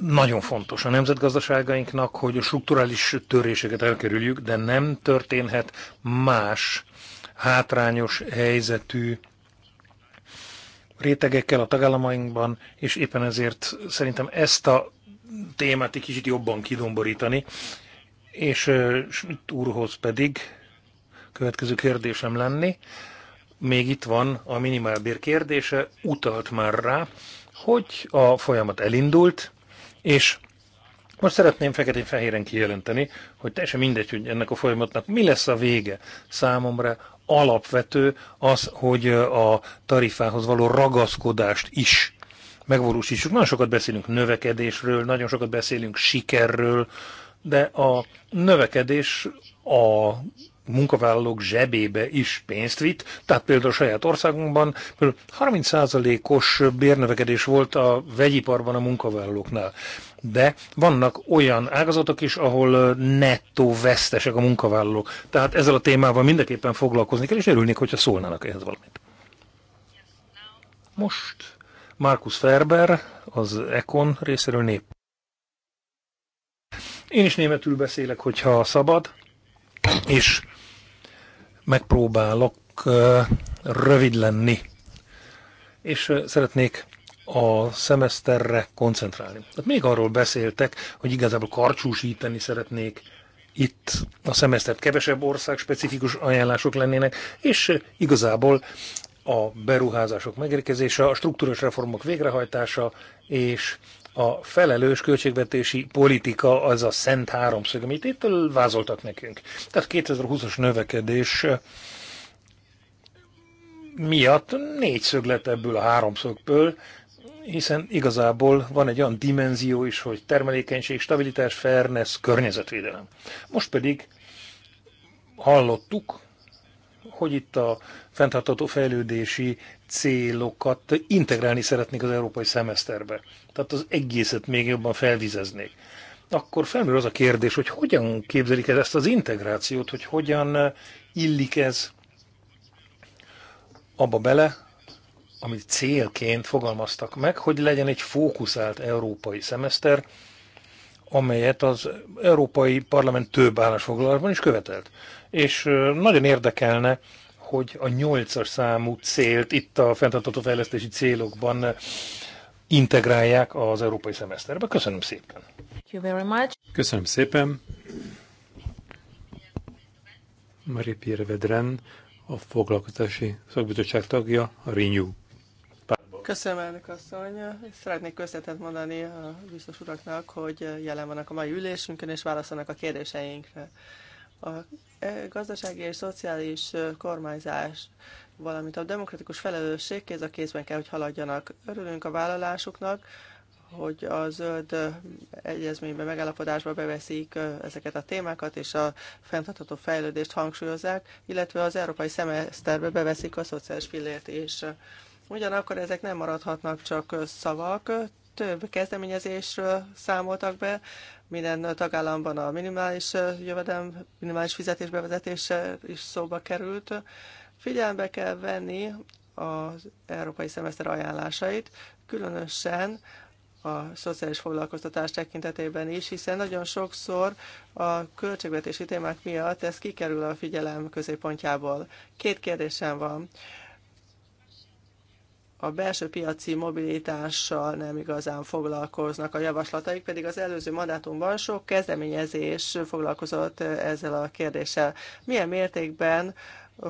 nagyon fontos a nemzetgazdaságainknak, hogy a strukturális töréseket elkerüljük, de nem történhet más hátrányos helyzetű rétegekkel a tagállamainkban, és éppen ezért szerintem ezt a témát egy kicsit jobban kidomborítani. És Schmidt úrhoz pedig következő kérdésem lenni. Még itt van a minimálbér kérdése, utalt már rá, hogy a folyamat elindult, és most szeretném feketén-fehéren kijelenteni, hogy teljesen mindegy, hogy ennek a folyamatnak mi lesz a vége. Számomra alapvető az, hogy a tarifához való ragaszkodást is megvalósítsuk. Nagyon sokat beszélünk növekedésről, nagyon sokat beszélünk sikerről, de a növekedés a munkavállalók zsebébe is pénzt vitt, tehát például a saját országunkban 30%-os bérnövekedés volt a vegyiparban a munkavállalóknál. De vannak olyan ágazatok is, ahol nettó vesztesek a munkavállalók. Tehát ezzel a témával mindenképpen foglalkozni kell, és örülnék, hogyha szólnának ehhez valamit. Most Markus Ferber, az Econ részéről nép. Én is németül beszélek, hogyha szabad és megpróbálok rövid lenni, és szeretnék a szemeszterre koncentrálni. Tehát még arról beszéltek, hogy igazából karcsúsítani szeretnék itt a szemesztert kevesebb ország specifikus ajánlások lennének, és igazából a beruházások megérkezése, a struktúrás reformok végrehajtása és a felelős költségvetési politika az a szent háromszög, amit itt vázoltak nekünk. Tehát 2020-as növekedés miatt négy szöglet ebből a háromszögből, hiszen igazából van egy olyan dimenzió is, hogy termelékenység, stabilitás, fairness, környezetvédelem. Most pedig hallottuk, hogy itt a fenntartható fejlődési célokat integrálni szeretnék az európai szemeszterbe. Tehát az egészet még jobban felvizeznék. Akkor felmerül az a kérdés, hogy hogyan képzelik ez ezt az integrációt, hogy hogyan illik ez abba bele, amit célként fogalmaztak meg, hogy legyen egy fókuszált európai szemeszter, amelyet az Európai Parlament több állásfoglalásban is követelt és nagyon érdekelne, hogy a nyolcas számú célt itt a fenntartható fejlesztési célokban integrálják az európai szemeszterbe. Köszönöm szépen. Köszönöm szépen. Marie Pierre Vedren, a foglalkozási szakbizottság tagja, a Renew. Köszönöm, elnök asszony. Szeretnék köszönetet mondani a biztos uraknak, hogy jelen vannak a mai ülésünkön, és válaszolnak a kérdéseinkre a e, gazdasági és szociális e, kormányzás, valamint a demokratikus felelősség kéz a kézben kell, hogy haladjanak. Örülünk a vállalásuknak, hogy a zöld e, egyezményben, megállapodásba beveszik ezeket a témákat, és a fenntartható fejlődést hangsúlyozzák, illetve az európai szemeszterbe beveszik a szociális pillért is. Ugyanakkor ezek nem maradhatnak csak szavak, több kezdeményezésről számoltak be, minden tagállamban a minimális jövedelem, minimális fizetés bevezetése is szóba került. Figyelembe kell venni az európai szemeszter ajánlásait, különösen a szociális foglalkoztatás tekintetében is, hiszen nagyon sokszor a költségvetési témák miatt ez kikerül a figyelem középpontjából. Két kérdésem van a belső piaci mobilitással nem igazán foglalkoznak a javaslataik, pedig az előző mandátumban sok kezdeményezés foglalkozott ezzel a kérdéssel. Milyen mértékben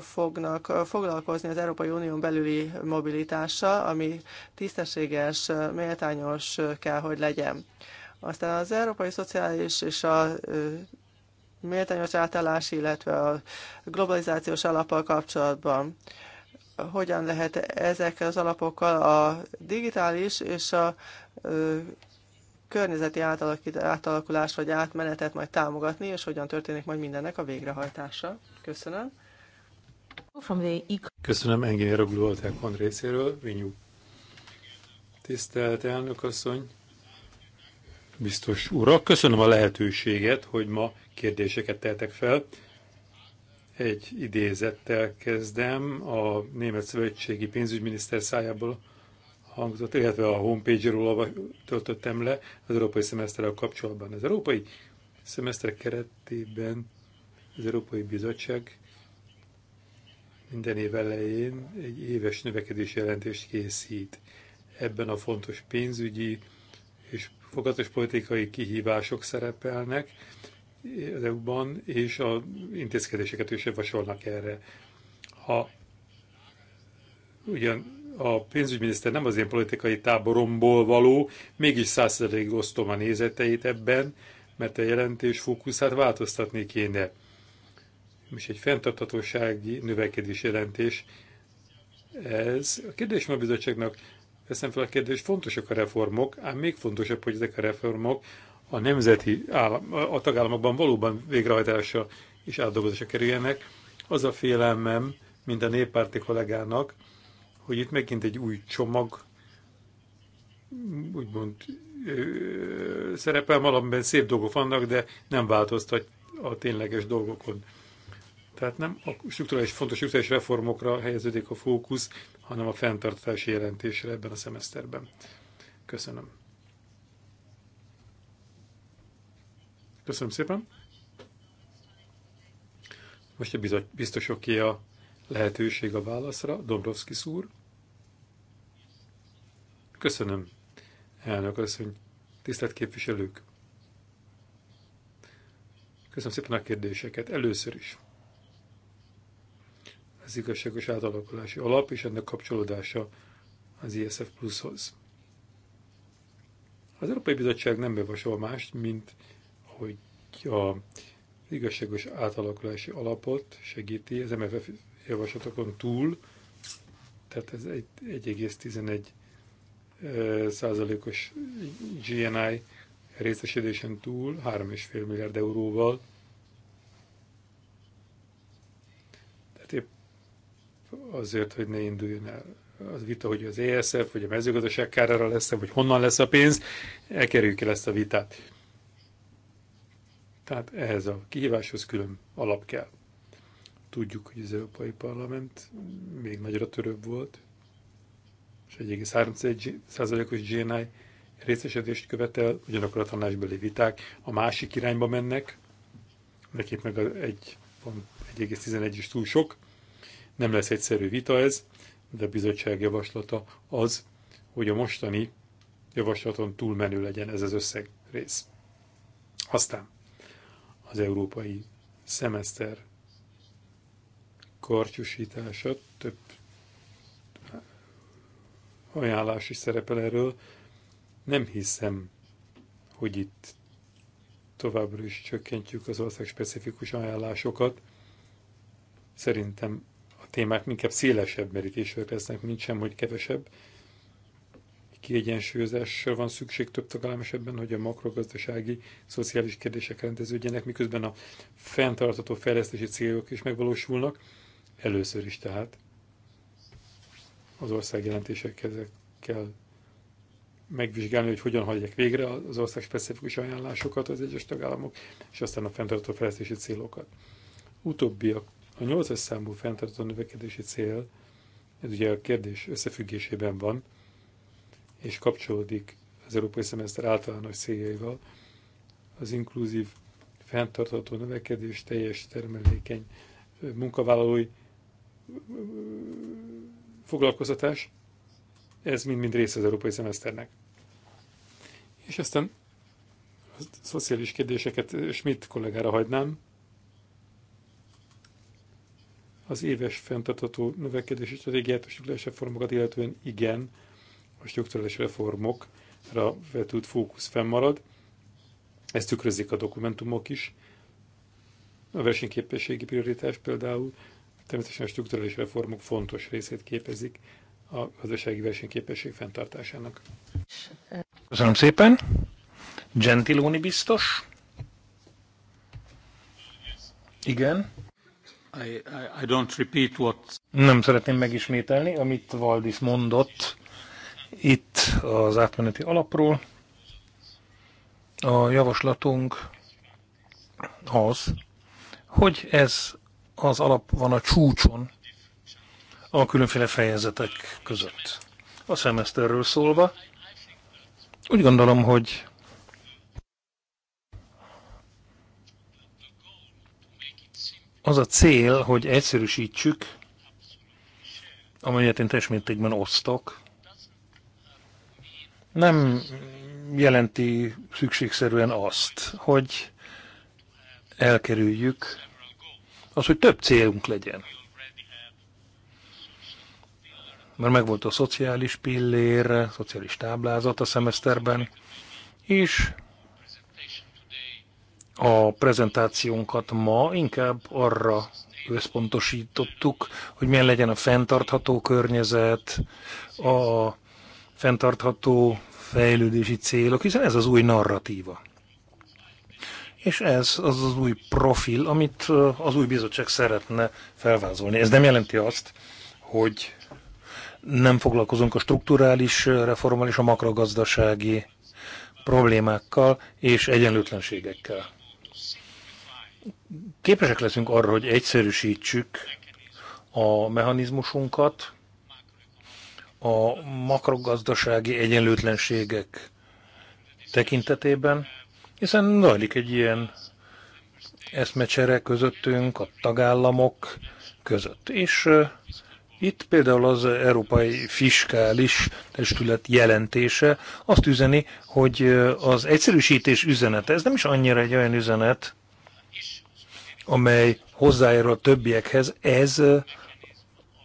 fognak foglalkozni az Európai Unión belüli mobilitással, ami tisztességes, méltányos kell, hogy legyen. Aztán az Európai Szociális és a méltányos átállás, illetve a globalizációs alappal kapcsolatban hogyan lehet ezekkel az alapokkal a digitális és a környezeti átalakulás vagy átmenetet majd támogatni, és hogyan történik majd mindennek a végrehajtása. Köszönöm. E- köszönöm Engény Rogló Altákon részéről, Vinyú. Tisztelt elnök asszony, biztos urak, köszönöm a lehetőséget, hogy ma kérdéseket tehetek fel egy idézettel kezdem a Német Szövetségi Pénzügyminiszter szájából hangzott, illetve a homepage-ről töltöttem le az európai szemeszterrel kapcsolatban. Az európai szemeszter keretében az Európai Bizottság minden év elején egy éves növekedési jelentést készít. Ebben a fontos pénzügyi és fogatos politikai kihívások szerepelnek, az EU-ban, és a intézkedéseket is javasolnak erre. Ha ugyan a pénzügyminiszter nem az én politikai táboromból való, mégis százszerzelékig osztom a nézeteit ebben, mert a jelentés fókuszát változtatni kéne. És egy fenntarthatósági növekedés jelentés ez. A kérdés a bizottságnak, veszem fel a kérdést, fontosak a reformok, ám még fontosabb, hogy ezek a reformok a nemzeti állam, a tagállamokban valóban végrehajtása és átdolgozásra kerüljenek, az a félelmem, mint a néppárti kollégának, hogy itt megint egy új csomag, úgymond szerepel, valamiben szép dolgok vannak, de nem változtat a tényleges dolgokon. Tehát nem a strukturális, fontos strukturális reformokra helyeződik a fókusz, hanem a fenntartási jelentésre ebben a szemeszterben. Köszönöm. Köszönöm szépen. Most a biztosoké a lehetőség a válaszra. Dombrovszki úr. Köszönöm, elnök asszony. Tisztelt képviselők. Köszönöm szépen a kérdéseket. Először is az igazságos átalakulási alap és ennek kapcsolódása az ISF pluszhoz. Az Európai Bizottság nem javasol mást, mint hogy a igazságos átalakulási alapot segíti az MFF javaslatokon túl, tehát ez egy 1,11 eh, százalékos GNI részesedésen túl 3,5 milliárd euróval. Tehát épp azért, hogy ne induljon el az vita, hogy az ESF, vagy a mezőgazdaság kárára lesz -e, vagy honnan lesz a pénz, elkerüljük el ezt a vitát. Tehát ehhez a kihíváshoz külön alap kell. Tudjuk, hogy az Európai Parlament még nagyra törőbb volt, és 1,3%-os GNI részesedést követel, ugyanakkor a tanácsbeli viták a másik irányba mennek, nekik meg egy 1,11 is túl sok. Nem lesz egyszerű vita ez, de a bizottság javaslata az, hogy a mostani javaslaton túlmenő legyen ez az összeg rész. Aztán az európai szemeszter kartyusítása, több ajánlás is szerepel erről. Nem hiszem, hogy itt továbbra is csökkentjük az ország specifikus ajánlásokat. Szerintem a témák inkább szélesebb merítésre lesznek, mint sem, hogy kevesebb kiegyensúlyozásra van szükség több tagállam esetben, hogy a makrogazdasági, szociális kérdések rendeződjenek, miközben a fenntartható fejlesztési célok is megvalósulnak. Először is tehát az országjelentések ezekkel megvizsgálni, hogy hogyan hagyják végre az ország specifikus ajánlásokat az egyes tagállamok, és aztán a fenntartható fejlesztési célokat. Utóbbi a, a 8-as számú fenntartható növekedési cél, ez ugye a kérdés összefüggésében van, és kapcsolódik az európai szemeszter általános céljaival, az inkluzív, fenntartható növekedés, teljes termelékeny munkavállalói foglalkoztatás, ez mind-mind része az európai szemeszternek. És aztán a szociális kérdéseket Schmidt kollégára hagynám. Az éves fenntartható növekedési stratégiát és formokat illetően igen, a strukturális reformokra vetült fókusz fennmarad, ezt tükrözik a dokumentumok is, a versenyképességi prioritás például, természetesen a strukturális reformok fontos részét képezik a gazdasági versenyképesség fenntartásának. Köszönöm szépen. Gentiloni biztos. Igen. I, I, I don't repeat what... Nem szeretném megismételni, amit Valdis mondott itt az átmeneti alapról a javaslatunk az, hogy ez az alap van a csúcson a különféle fejezetek között. A szemeszterről szólva, úgy gondolom, hogy az a cél, hogy egyszerűsítsük, amelyet én teljes mértékben osztok, nem jelenti szükségszerűen azt, hogy elkerüljük az, hogy több célunk legyen. Mert megvolt a szociális pillér, a szociális táblázat a szemeszterben, és a prezentációnkat ma inkább arra összpontosítottuk, hogy milyen legyen a fenntartható környezet, a fenntartható fejlődési célok, hiszen ez az új narratíva. És ez az az új profil, amit az új bizottság szeretne felvázolni. Ez nem jelenti azt, hogy nem foglalkozunk a strukturális reformmal és a makrogazdasági problémákkal és egyenlőtlenségekkel. Képesek leszünk arra, hogy egyszerűsítsük a mechanizmusunkat, a makrogazdasági egyenlőtlenségek tekintetében, hiszen zajlik egy ilyen eszmecsere közöttünk, a tagállamok között. És itt például az Európai Fiskális Testület jelentése azt üzeni, hogy az egyszerűsítés üzenete, ez nem is annyira egy olyan üzenet, amely hozzájárul a többiekhez, ez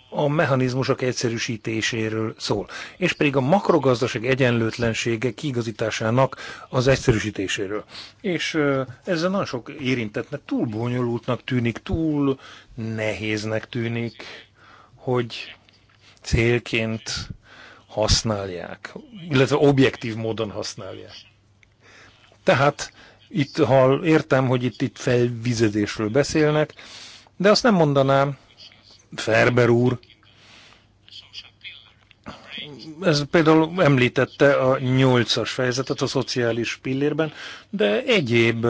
a mechanizmusok egyszerűsítéséről szól, és pedig a makrogazdaság egyenlőtlensége kiigazításának az egyszerűsítéséről. És ezzel nagyon sok érintetnek túl bonyolultnak tűnik, túl nehéznek tűnik, hogy célként használják, illetve objektív módon használják. Tehát itt, ha értem, hogy itt, itt felvizedésről beszélnek, de azt nem mondanám, Ferber úr, ez például említette a nyolcas fejezetet a szociális pillérben, de egyéb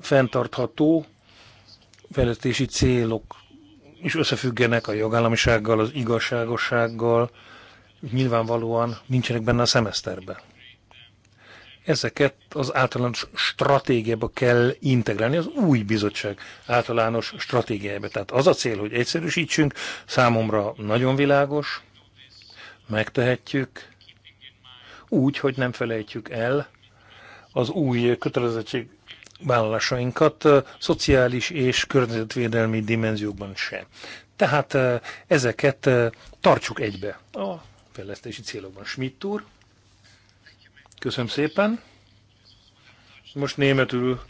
fenntartható fejlesztési célok is összefüggenek a jogállamisággal, az igazságossággal, nyilvánvalóan nincsenek benne a szemeszterben ezeket az általános stratégiába kell integrálni, az új bizottság általános stratégiájába. Tehát az a cél, hogy egyszerűsítsünk, számomra nagyon világos, megtehetjük, úgy, hogy nem felejtjük el az új kötelezettség vállalásainkat szociális és környezetvédelmi dimenziókban sem. Tehát ezeket tartsuk egybe a fejlesztési célokban. Schmidt úr. Köszönöm szépen. Most németül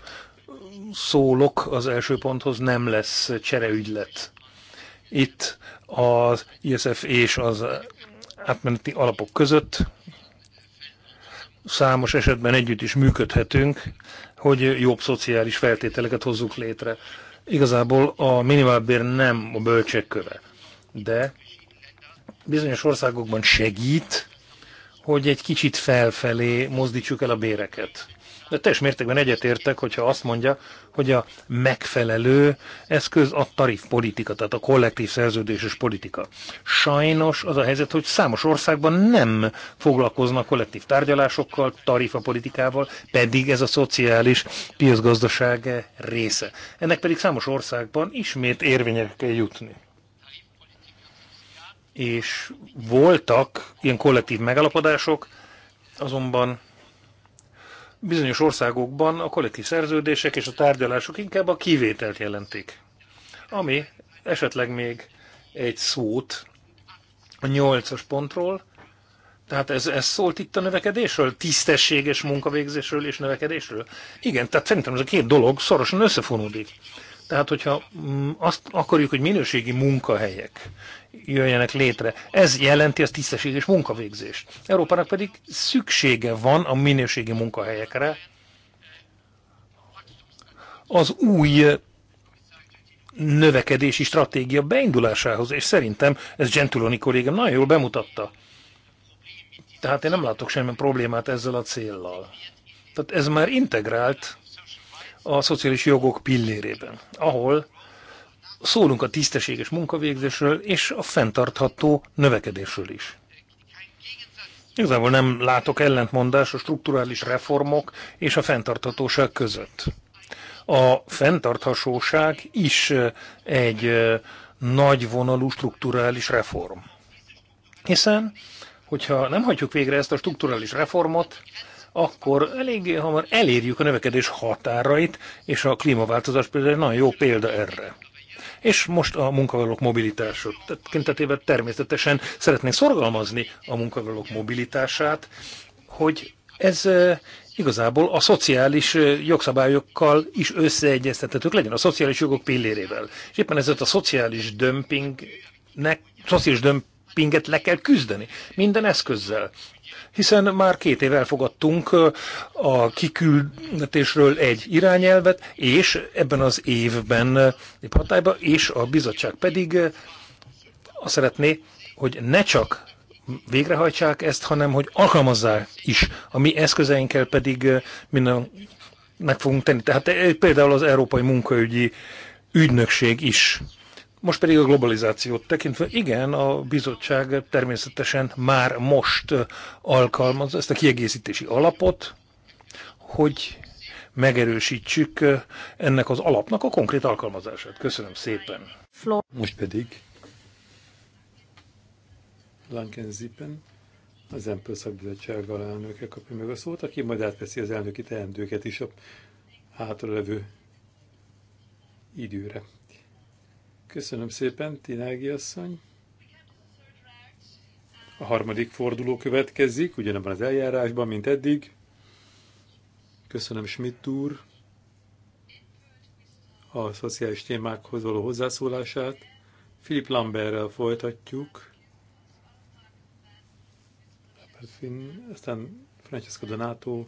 szólok az első ponthoz, nem lesz csereügylet. Itt az ISF és az átmeneti alapok között számos esetben együtt is működhetünk, hogy jobb szociális feltételeket hozzuk létre. Igazából a minimálbér nem a bölcsek köve, de bizonyos országokban segít, hogy egy kicsit felfelé mozdítsuk el a béreket. De teljes mértékben egyetértek, hogyha azt mondja, hogy a megfelelő eszköz a tarifpolitika, tehát a kollektív szerződéses politika. Sajnos az a helyzet, hogy számos országban nem foglalkoznak kollektív tárgyalásokkal, tarifapolitikával, pedig ez a szociális piacgazdaság része. Ennek pedig számos országban ismét érvényre kell jutni és voltak ilyen kollektív megalapodások azonban bizonyos országokban a kollektív szerződések és a tárgyalások inkább a kivételt jelentik. Ami esetleg még egy szót a nyolcas pontról, tehát ez, ez szólt itt a növekedésről, tisztességes munkavégzésről és növekedésről? Igen, tehát szerintem ez a két dolog szorosan összefonódik. Tehát, hogyha mm, azt akarjuk, hogy minőségi munkahelyek jöjjenek létre, ez jelenti az tisztességes munkavégzést. Európának pedig szüksége van a minőségi munkahelyekre, az új növekedési stratégia beindulásához, és szerintem ez Gentiloni kollégám nagyon jól bemutatta. Tehát én nem látok semmilyen problémát ezzel a céllal. Tehát ez már integrált a szociális jogok pillérében, ahol szólunk a tisztességes munkavégzésről és a fenntartható növekedésről is. Igazából nem látok ellentmondás a strukturális reformok és a fenntarthatóság között. A fenntarthatóság is eh, egy eh, nagyvonalú strukturális reform. Hiszen, hogyha nem hagyjuk végre ezt a strukturális reformot, akkor eléggé hamar elérjük a növekedés határait, és a klímaváltozás például egy nagyon jó példa erre. És most a munkavállalók mobilitása tekintetében természetesen szeretnénk szorgalmazni a munkavállalók mobilitását, hogy ez e, igazából a szociális e, jogszabályokkal is összeegyeztethetők legyen, a szociális jogok pillérével. És éppen ezért a szociális dömpingnek, szociális dömpinget le kell küzdeni minden eszközzel hiszen már két év elfogadtunk a kiküldetésről egy irányelvet, és ebben az évben lép hatályba, és a bizottság pedig azt szeretné, hogy ne csak végrehajtsák ezt, hanem hogy alkalmazzák is. A mi eszközeinkkel pedig minden meg fogunk tenni. Tehát például az Európai Munkaügyi Ügynökség is most pedig a globalizációt tekintve, igen, a bizottság természetesen már most alkalmazza ezt a kiegészítési alapot, hogy megerősítsük ennek az alapnak a konkrét alkalmazását. Köszönöm szépen. Most pedig Lanken Zippen, az Empel szakbizottság alelnöke kapja meg a szót, aki majd átveszi az elnöki teendőket is a hátra levő időre. Köszönöm szépen, Tinági asszony. A harmadik forduló következik, ugyanebben az eljárásban, mint eddig. Köszönöm Schmidt úr a szociális témákhoz való hozzászólását. Philip Lamberrel folytatjuk. Aztán Francesco Donato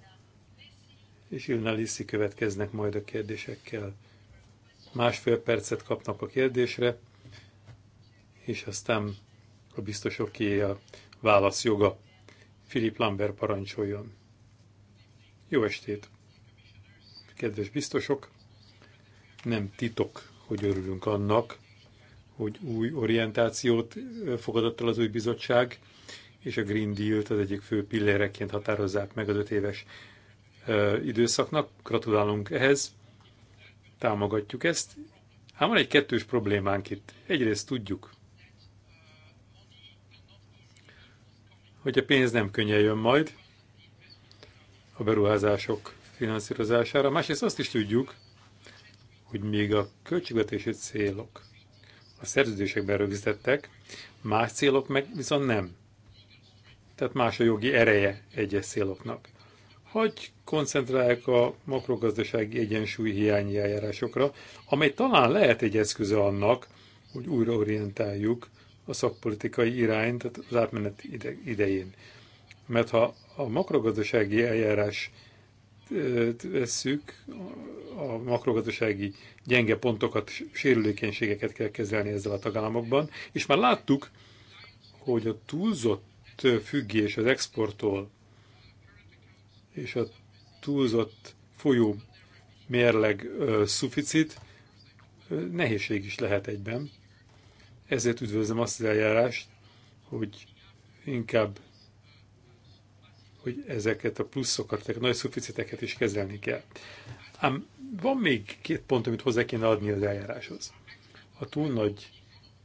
és Ilna Lissi következnek majd a kérdésekkel másfél percet kapnak a kérdésre, és aztán a biztosoké a válasz joga. Filip Lambert parancsoljon. Jó estét! Kedves biztosok! Nem titok, hogy örülünk annak, hogy új orientációt fogadott el az új bizottság, és a Green Deal-t az egyik fő pilléreként határozzák meg az öt éves időszaknak. Gratulálunk ehhez támogatjuk ezt. Ám van egy kettős problémánk itt. Egyrészt tudjuk, hogy a pénz nem könnyen jön majd a beruházások finanszírozására. Másrészt azt is tudjuk, hogy még a költségvetési célok a szerződésekben rögzítettek, más célok meg viszont nem. Tehát más a jogi ereje egyes céloknak hogy koncentrálják a makrogazdasági egyensúly hiányi eljárásokra, amely talán lehet egy eszköze annak, hogy újraorientáljuk a szakpolitikai irányt az átmenet ide, idején. Mert ha a makrogazdasági eljárás vesszük, a makrogazdasági gyenge pontokat, sérülékenységeket kell kezelni ezzel a tagállamokban, és már láttuk, hogy a túlzott függés az exporttól és a túlzott folyó mérleg szuficit nehézség is lehet egyben. Ezért üdvözlöm azt az eljárást, hogy inkább hogy ezeket a pluszokat, ezeket a nagy szuficiteket is kezelni kell. Ám van még két pont, amit hozzá kéne adni az eljáráshoz. A túl nagy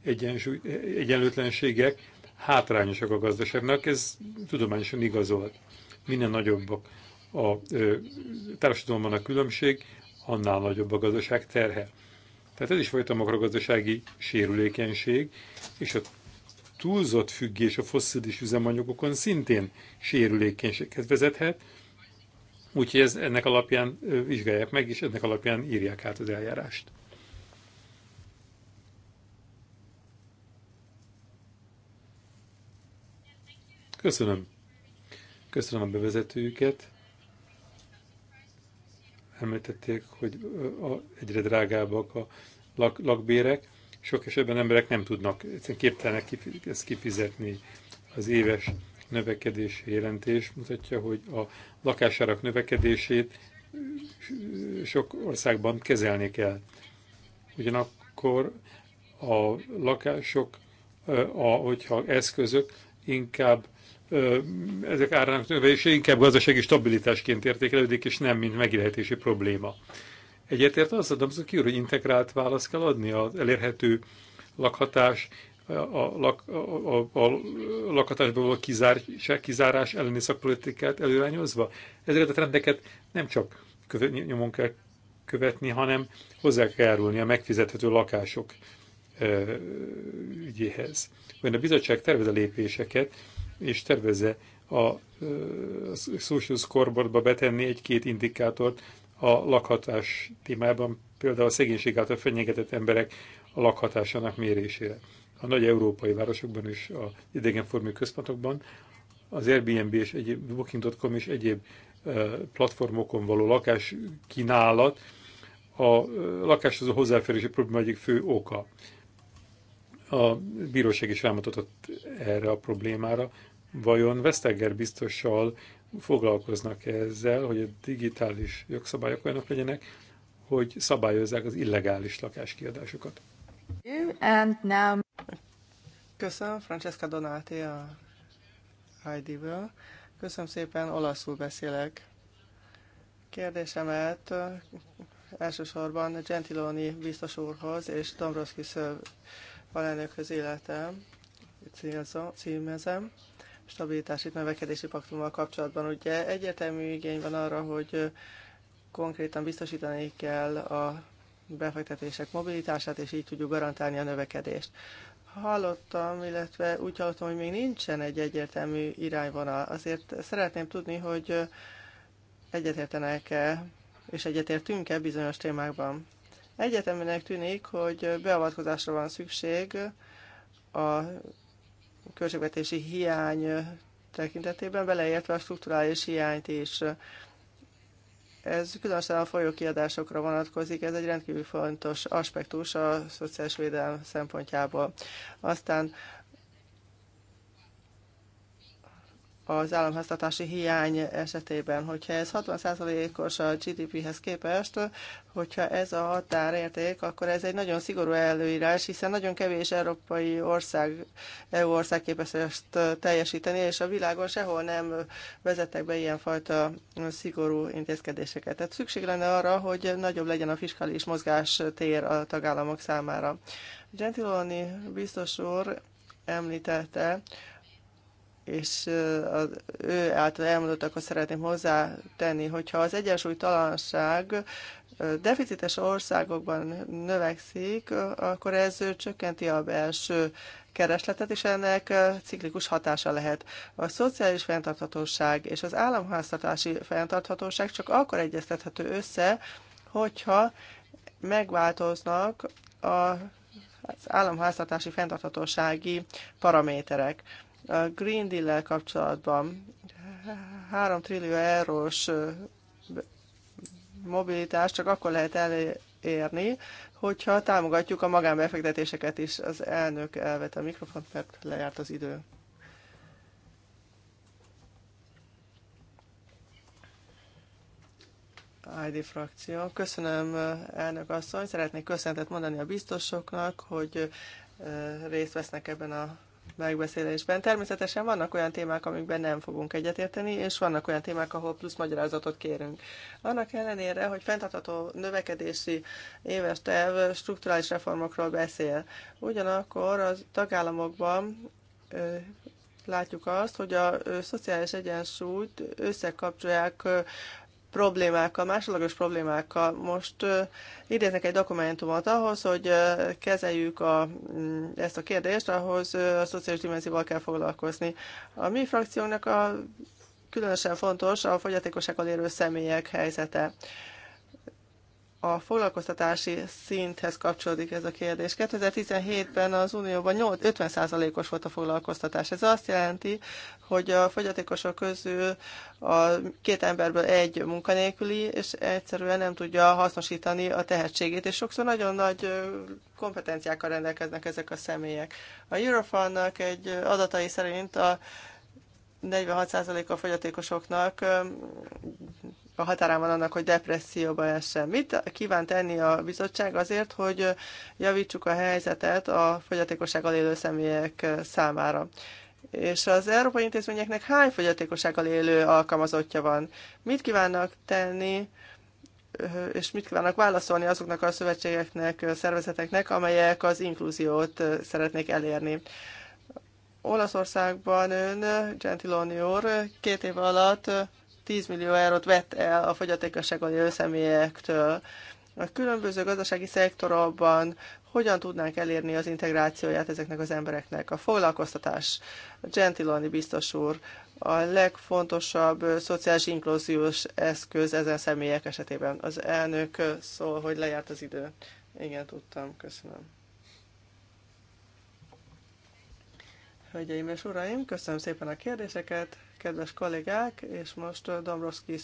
egyenlőtlenségek hátrányosak a gazdaságnak, ez tudományosan igazolt minél nagyobb a, a társadalomban a különbség, annál nagyobb a gazdaság terhe. Tehát ez is fajta makrogazdasági sérülékenység, és a túlzott függés a fosszilis üzemanyagokon szintén sérülékenységhez vezethet, úgyhogy ez, ennek alapján vizsgálják meg, és ennek alapján írják át az eljárást. Köszönöm. Köszönöm a bevezetőjüket. Említették, hogy a, egyre drágábbak a lak, lakbérek. Sok esetben emberek nem tudnak, egyszerűen képtelenek ezt kifizetni. Az éves növekedési jelentés mutatja, hogy a lakásárak növekedését sok országban kezelni kell. Ugyanakkor a lakások, a, hogyha eszközök, inkább ezek árának növelése inkább gazdasági stabilitásként értékelődik, és nem mint megélhetési probléma. Egyetért az adom, hogy hogy integrált választ kell adni az elérhető lakhatás, a, lak, a, a, a lakhatásból való kizár, kizárás elleni szakpolitikát előrányozva. Ezeket a trendeket nem csak nyomon kell követni, hanem hozzá kell járulni a megfizethető lakások ügyéhez. Olyan a bizottság tervez a lépéseket, és tervezze a Social Scoreboardba betenni egy-két indikátort a lakhatás témában, például a szegénység által fenyegetett emberek a lakhatásának mérésére. A nagy európai városokban és a idegenformi központokban az Airbnb és egyéb, Booking.com és egyéb platformokon való lakás kínálat a lakáshoz a hozzáférési probléma egyik fő oka. A bíróság is rámutatott erre a problémára, Vajon Veszteger biztossal foglalkoznak -e ezzel, hogy a digitális jogszabályok olyanok legyenek, hogy szabályozzák az illegális lakáskiadásokat? And now... Köszönöm, Francesca Donati a ID-ből. Köszönöm szépen, olaszul beszélek. Kérdésemet elsősorban Gentiloni biztos úrhoz és Dombrovskis alelnökhöz életem címezem stabilitási növekedési paktummal kapcsolatban. Ugye egyértelmű igény van arra, hogy konkrétan biztosítani kell a befektetések mobilitását, és így tudjuk garantálni a növekedést. Hallottam, illetve úgy hallottam, hogy még nincsen egy egyértelmű irányvonal. Azért szeretném tudni, hogy egyetértenek-e, és egyetértünk-e bizonyos témákban. Egyeteműnek tűnik, hogy beavatkozásra van szükség a költségvetési hiány tekintetében, beleértve a strukturális hiányt is. Ez különösen a folyókiadásokra vonatkozik, ez egy rendkívül fontos aspektus a szociális védelem szempontjából. Aztán az államháztartási hiány esetében. Hogyha ez 60%-os a GDP-hez képest, hogyha ez a határérték, akkor ez egy nagyon szigorú előírás, hiszen nagyon kevés európai ország, EU ország képes ezt teljesíteni, és a világon sehol nem vezettek be ilyenfajta szigorú intézkedéseket. Tehát szükség lenne arra, hogy nagyobb legyen a fiskális mozgás tér a tagállamok számára. Gentiloni biztos úr említette, és az ő által elmondottakhoz szeretném hozzátenni, hogyha az egyensúlytalanság deficites országokban növekszik, akkor ez csökkenti a belső keresletet, és ennek ciklikus hatása lehet. A szociális fenntarthatóság és az államháztartási fenntarthatóság csak akkor egyeztethető össze, hogyha megváltoznak az államháztartási fenntarthatósági paraméterek a Green Deal-lel kapcsolatban 3 trillió eurós mobilitást csak akkor lehet elérni, hogyha támogatjuk a magánbefektetéseket is. Az elnök elvette a mikrofont, mert lejárt az idő. ID frakció. Köszönöm, elnök asszony. Szeretnék köszönetet mondani a biztosoknak, hogy részt vesznek ebben a megbeszélésben. Természetesen vannak olyan témák, amikben nem fogunk egyetérteni, és vannak olyan témák, ahol plusz magyarázatot kérünk. Annak ellenére, hogy fenntartható növekedési éves terv strukturális reformokról beszél. Ugyanakkor a tagállamokban látjuk azt, hogy a szociális egyensúlyt összekapcsolják problémákkal, másodlagos problémákkal. Most uh, idéznek egy dokumentumot ahhoz, hogy uh, kezeljük a, mm, ezt a kérdést, ahhoz uh, a szociális dimenzióval kell foglalkozni. A mi frakciónknak a különösen fontos a fogyatékosákkal érő személyek helyzete. Uh, a foglalkoztatási szinthez kapcsolódik ez a kérdés. 2017-ben az Unióban 50%-os volt a foglalkoztatás. Ez azt jelenti, hogy a fogyatékosok közül a két emberből egy munkanélküli, és egyszerűen nem tudja hasznosítani a tehetségét, és sokszor nagyon nagy kompetenciákkal rendelkeznek ezek a személyek. A Eurofannak egy adatai szerint a 46% a fogyatékosoknak a határán van annak, hogy depresszióba essen. Mit kíván tenni a bizottság azért, hogy javítsuk a helyzetet a fogyatékossággal élő személyek számára? És az Európai Intézményeknek hány fogyatékossággal élő alkalmazottja van? Mit kívánnak tenni, és mit kívánnak válaszolni azoknak a szövetségeknek, szervezeteknek, amelyek az inkluziót szeretnék elérni? Olaszországban ön, Gentiloni úr, két év alatt 10 millió eurót vett el a fogyatékossággal élő személyektől. A különböző gazdasági szektorokban hogyan tudnánk elérni az integrációját ezeknek az embereknek. A foglalkoztatás, Gentiloni biztos úr, a legfontosabb szociális inkluziós eszköz ezen személyek esetében. Az elnök szól, hogy lejárt az idő. Igen, tudtam, köszönöm. Hölgyeim és uraim, köszönöm szépen a kérdéseket kedves kollégák, és most Dombrovskis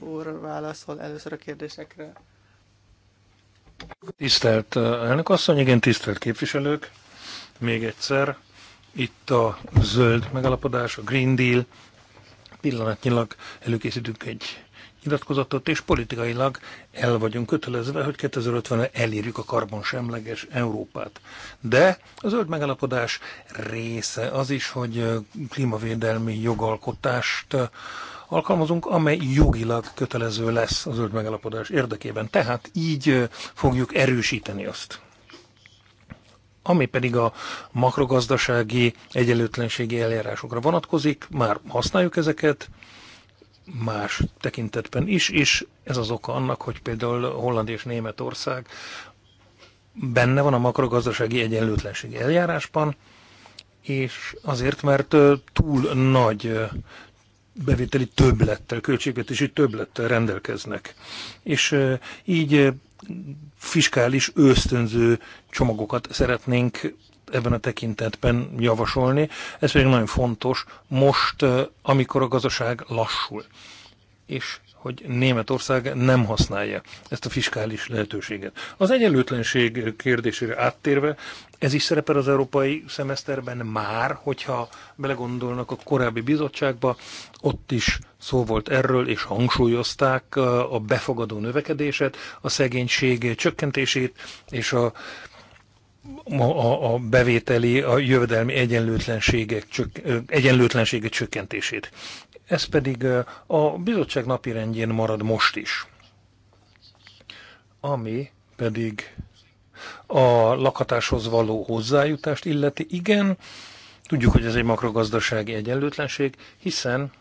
úr válaszol először a kérdésekre. Tisztelt elnök asszony, igen, tisztelt képviselők, még egyszer, itt a zöld megalapodás, a Green Deal, pillanatnyilag előkészítünk egy nyilatkozatot, és politikailag el vagyunk kötelezve, hogy 2050 ben elérjük a karbonsemleges Európát. De az zöld megállapodás része az is, hogy klímavédelmi jogalkotást alkalmazunk, amely jogilag kötelező lesz az zöld megállapodás érdekében. Tehát így fogjuk erősíteni azt ami pedig a makrogazdasági egyenlőtlenségi eljárásokra vonatkozik, már használjuk ezeket, más tekintetben is, és ez az oka annak, hogy például holland és Németország benne van a makrogazdasági egyenlőtlenség eljárásban, és azért, mert túl nagy bevételi többlettel, költségvetési többlettel rendelkeznek. És így fiskális ösztönző csomagokat szeretnénk ebben a tekintetben javasolni. Ez pedig nagyon fontos most, amikor a gazdaság lassul, és hogy Németország nem használja ezt a fiskális lehetőséget. Az egyenlőtlenség kérdésére áttérve, ez is szerepel az európai szemeszterben már, hogyha belegondolnak a korábbi bizottságba, ott is szó volt erről, és hangsúlyozták a befogadó növekedéset, a szegénység csökkentését, és a a, a bevételi, a jövedelmi egyenlőtlenségek csök, egyenlőtlensége csökkentését. Ez pedig a bizottság napi rendjén marad most is. Ami pedig a lakhatáshoz való hozzájutást illeti, igen, tudjuk, hogy ez egy makrogazdasági egyenlőtlenség, hiszen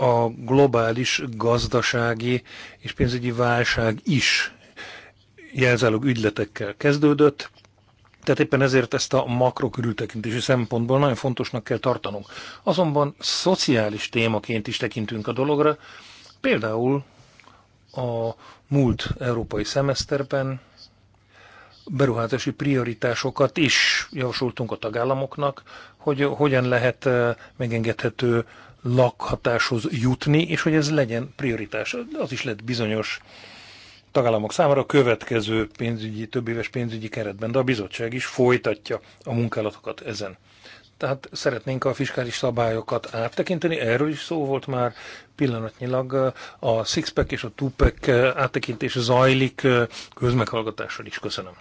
a globális gazdasági és pénzügyi válság is jelzálog ügyletekkel kezdődött, tehát éppen ezért ezt a makrokörültekintési szempontból nagyon fontosnak kell tartanunk. Azonban szociális témaként is tekintünk a dologra, például a múlt európai szemeszterben beruházási prioritásokat is javasoltunk a tagállamoknak, hogy hogyan lehet eh, megengedhető lakhatáshoz jutni, és hogy ez legyen prioritás. Az is lett bizonyos tagállamok számára a következő pénzügyi, éves pénzügyi keretben, de a bizottság is folytatja a munkálatokat ezen. Tehát szeretnénk a fiskális szabályokat áttekinteni, erről is szó volt már pillanatnyilag. Uh, a Sixpack és a Tupac uh, áttekintés zajlik, uh, közmeghallgatással is köszönöm.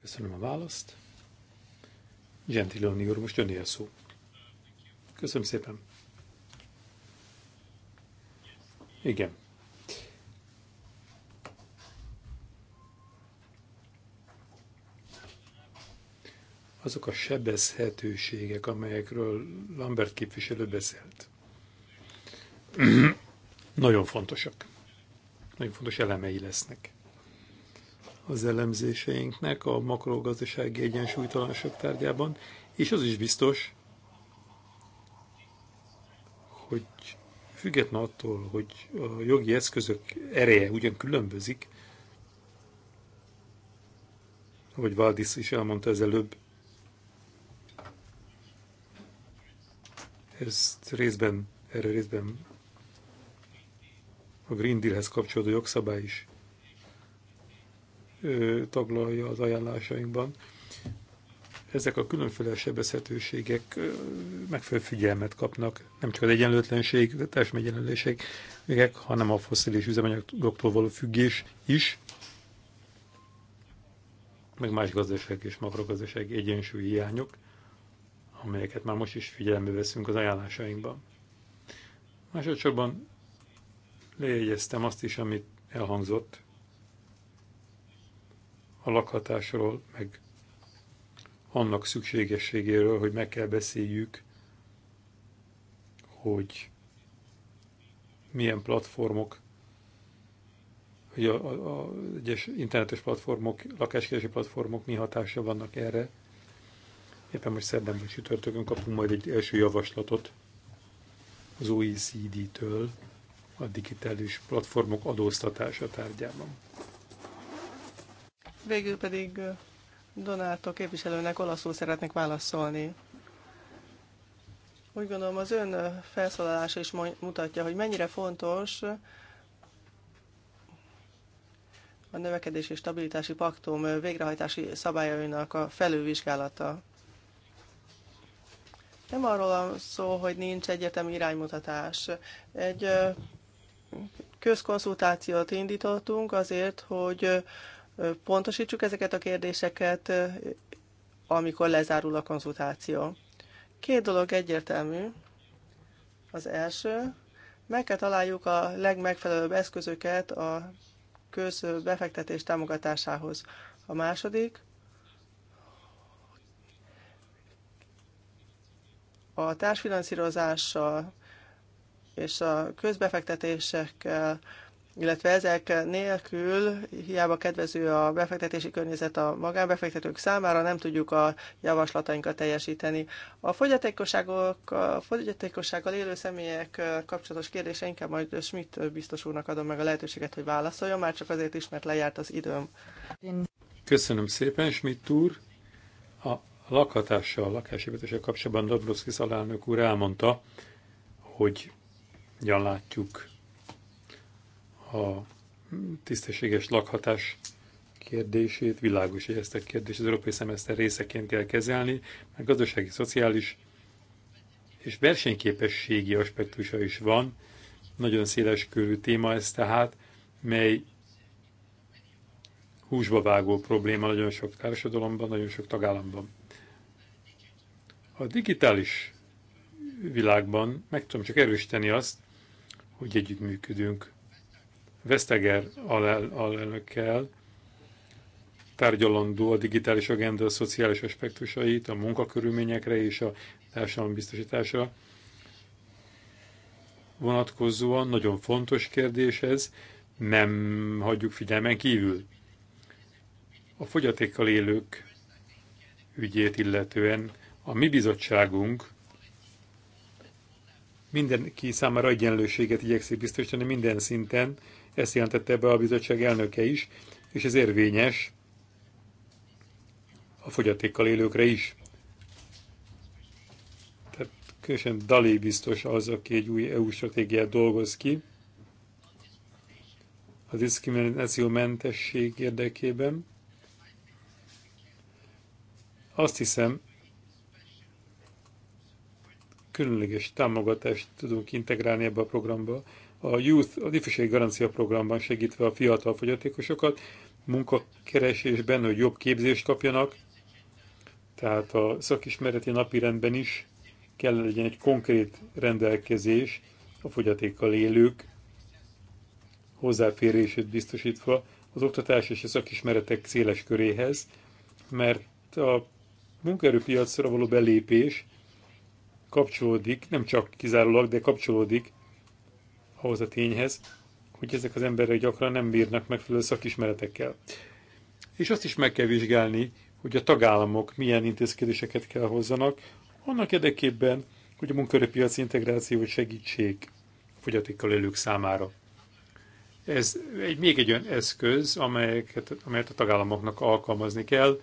Köszönöm a választ. Gentiloni úr, most jönni a szó. Köszönöm szépen. Igen. Azok a sebezhetőségek, amelyekről Lambert képviselő beszélt, nagyon fontosak. Nagyon fontos elemei lesznek az elemzéseinknek a makrogazdasági egyensúlytalanság tárgyában, és az is biztos, hogy Független attól, hogy a jogi eszközök ereje ugyan különbözik, ahogy Valdis is elmondta az előbb, ezt részben, erre részben a Green Dealhez kapcsolódó jogszabály is ö, taglalja az ajánlásainkban ezek a különféle sebezhetőségek megfelelő figyelmet kapnak, nem csak az egyenlőtlenség, a társadalmi egyenlőségek, hanem a foszilis üzemanyagoktól való függés is, meg más gazdaság és makrogazdaság egyensúlyi hiányok, amelyeket már most is figyelembe veszünk az ajánlásainkban. Másodszorban lejegyeztem azt is, amit elhangzott a lakhatásról, meg annak szükségességéről, hogy meg kell beszéljük, hogy milyen platformok, hogy a, egyes internetes platformok, lakáskereső platformok mi hatása vannak erre. Éppen most szerdán vagy sütörtökön kapunk majd egy első javaslatot az OECD-től a digitális platformok adóztatása tárgyában. Végül pedig Donátó képviselőnek olaszul szeretnék válaszolni. Úgy gondolom az ön felszólalása is mutatja, hogy mennyire fontos a növekedési és stabilitási paktum végrehajtási szabályainak a felülvizsgálata. Nem arról van szó, hogy nincs egyetemi iránymutatás. Egy közkonszultációt indítottunk azért, hogy pontosítsuk ezeket a kérdéseket, amikor lezárul a konzultáció. Két dolog egyértelmű. Az első, meg kell találjuk a legmegfelelőbb eszközöket a közbefektetés támogatásához. A második, a társfinanszírozással és a közbefektetésekkel illetve ezek nélkül hiába kedvező a befektetési környezet a magánbefektetők számára, nem tudjuk a javaslatainkat teljesíteni. A fogyatékosságok, a fogyatékossággal élő személyek kapcsolatos kérdése inkább majd Schmidt biztos úrnak adom meg a lehetőséget, hogy válaszoljon, már csak azért is, mert lejárt az időm. Köszönöm szépen, Schmidt úr. A lakhatással, lakásépítéssel kapcsolatban Dobroszki alelnök úr elmondta, hogy ugyan látjuk a tisztességes lakhatás kérdését, világos, hogy ezt a kérdést az európai szemeszter részeként kell kezelni, mert gazdasági, szociális és versenyképességi aspektusa is van. Nagyon széles körű téma ez tehát, mely húsba vágó probléma nagyon sok társadalomban, nagyon sok tagállamban. A digitális világban meg tudom csak erősíteni azt, hogy együttműködünk Veszteger alel, alelnökkel tárgyalandó a digitális agenda a szociális aspektusait, a munkakörülményekre és a társadalmi biztosításra vonatkozóan nagyon fontos kérdés ez, nem hagyjuk figyelmen kívül. A fogyatékkal élők ügyét illetően a mi bizottságunk mindenki számára egyenlőséget igyekszik biztosítani minden szinten, ezt jelentette be a bizottság elnöke is, és ez érvényes a fogyatékkal élőkre is. Tehát különösen Dali biztos az, aki egy új EU stratégiát dolgoz ki a mentesség érdekében. Azt hiszem, különleges támogatást tudunk integrálni ebbe a programba, a Youth, az ifjúsági garancia programban segítve a fiatal fogyatékosokat munkakeresésben, hogy jobb képzést kapjanak, tehát a szakismereti napirendben is kell legyen egy konkrét rendelkezés a fogyatékkal élők hozzáférését biztosítva az oktatás és a szakismeretek széles köréhez, mert a munkaerőpiacra való belépés kapcsolódik, nem csak kizárólag, de kapcsolódik ahhoz a tényhez, hogy ezek az emberek gyakran nem bírnak megfelelő szakismeretekkel. És azt is meg kell vizsgálni, hogy a tagállamok milyen intézkedéseket kell hozzanak, annak érdekében, hogy a munkaerőpiaci integráció segítség a fogyatékkal élők számára. Ez egy, még egy olyan eszköz, amelyeket, amelyet a tagállamoknak alkalmazni kell,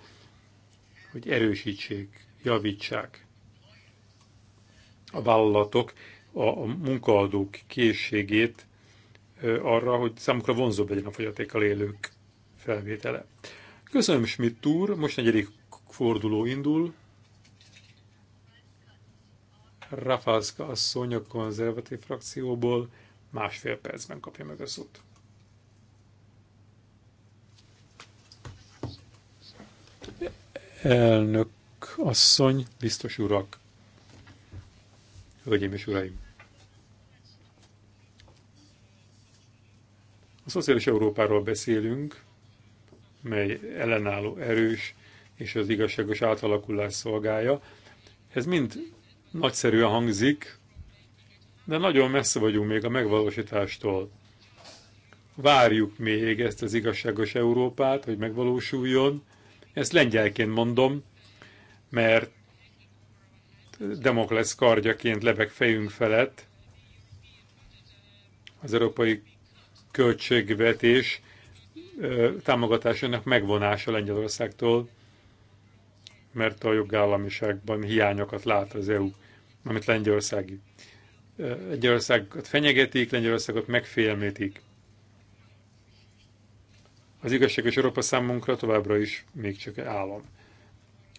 hogy erősítsék, javítsák a vállalatok a munkaadók készségét arra, hogy számukra vonzóbb legyen a fogyatékkal élők felvétele. Köszönöm, Schmidt úr, most negyedik forduló indul. Rafalska asszony a konzervatív frakcióból másfél percben kapja meg a szót. Elnök asszony, biztos urak! Hölgyeim és Uraim! A szociális Európáról beszélünk, mely ellenálló erős és az igazságos átalakulás szolgálja. Ez mind nagyszerűen hangzik, de nagyon messze vagyunk még a megvalósítástól. Várjuk még ezt az igazságos Európát, hogy megvalósuljon. Ezt lengyelként mondom, mert Demoklesz kardjaként lebeg fejünk felett. Az európai költségvetés támogatásának megvonása Lengyelországtól, mert a jogállamiságban hiányokat lát az EU, amit Lengyelország. Lengyelországot fenyegetik, Lengyelországot megfélemlítik. Az igazságos Európa számunkra továbbra is még csak állam.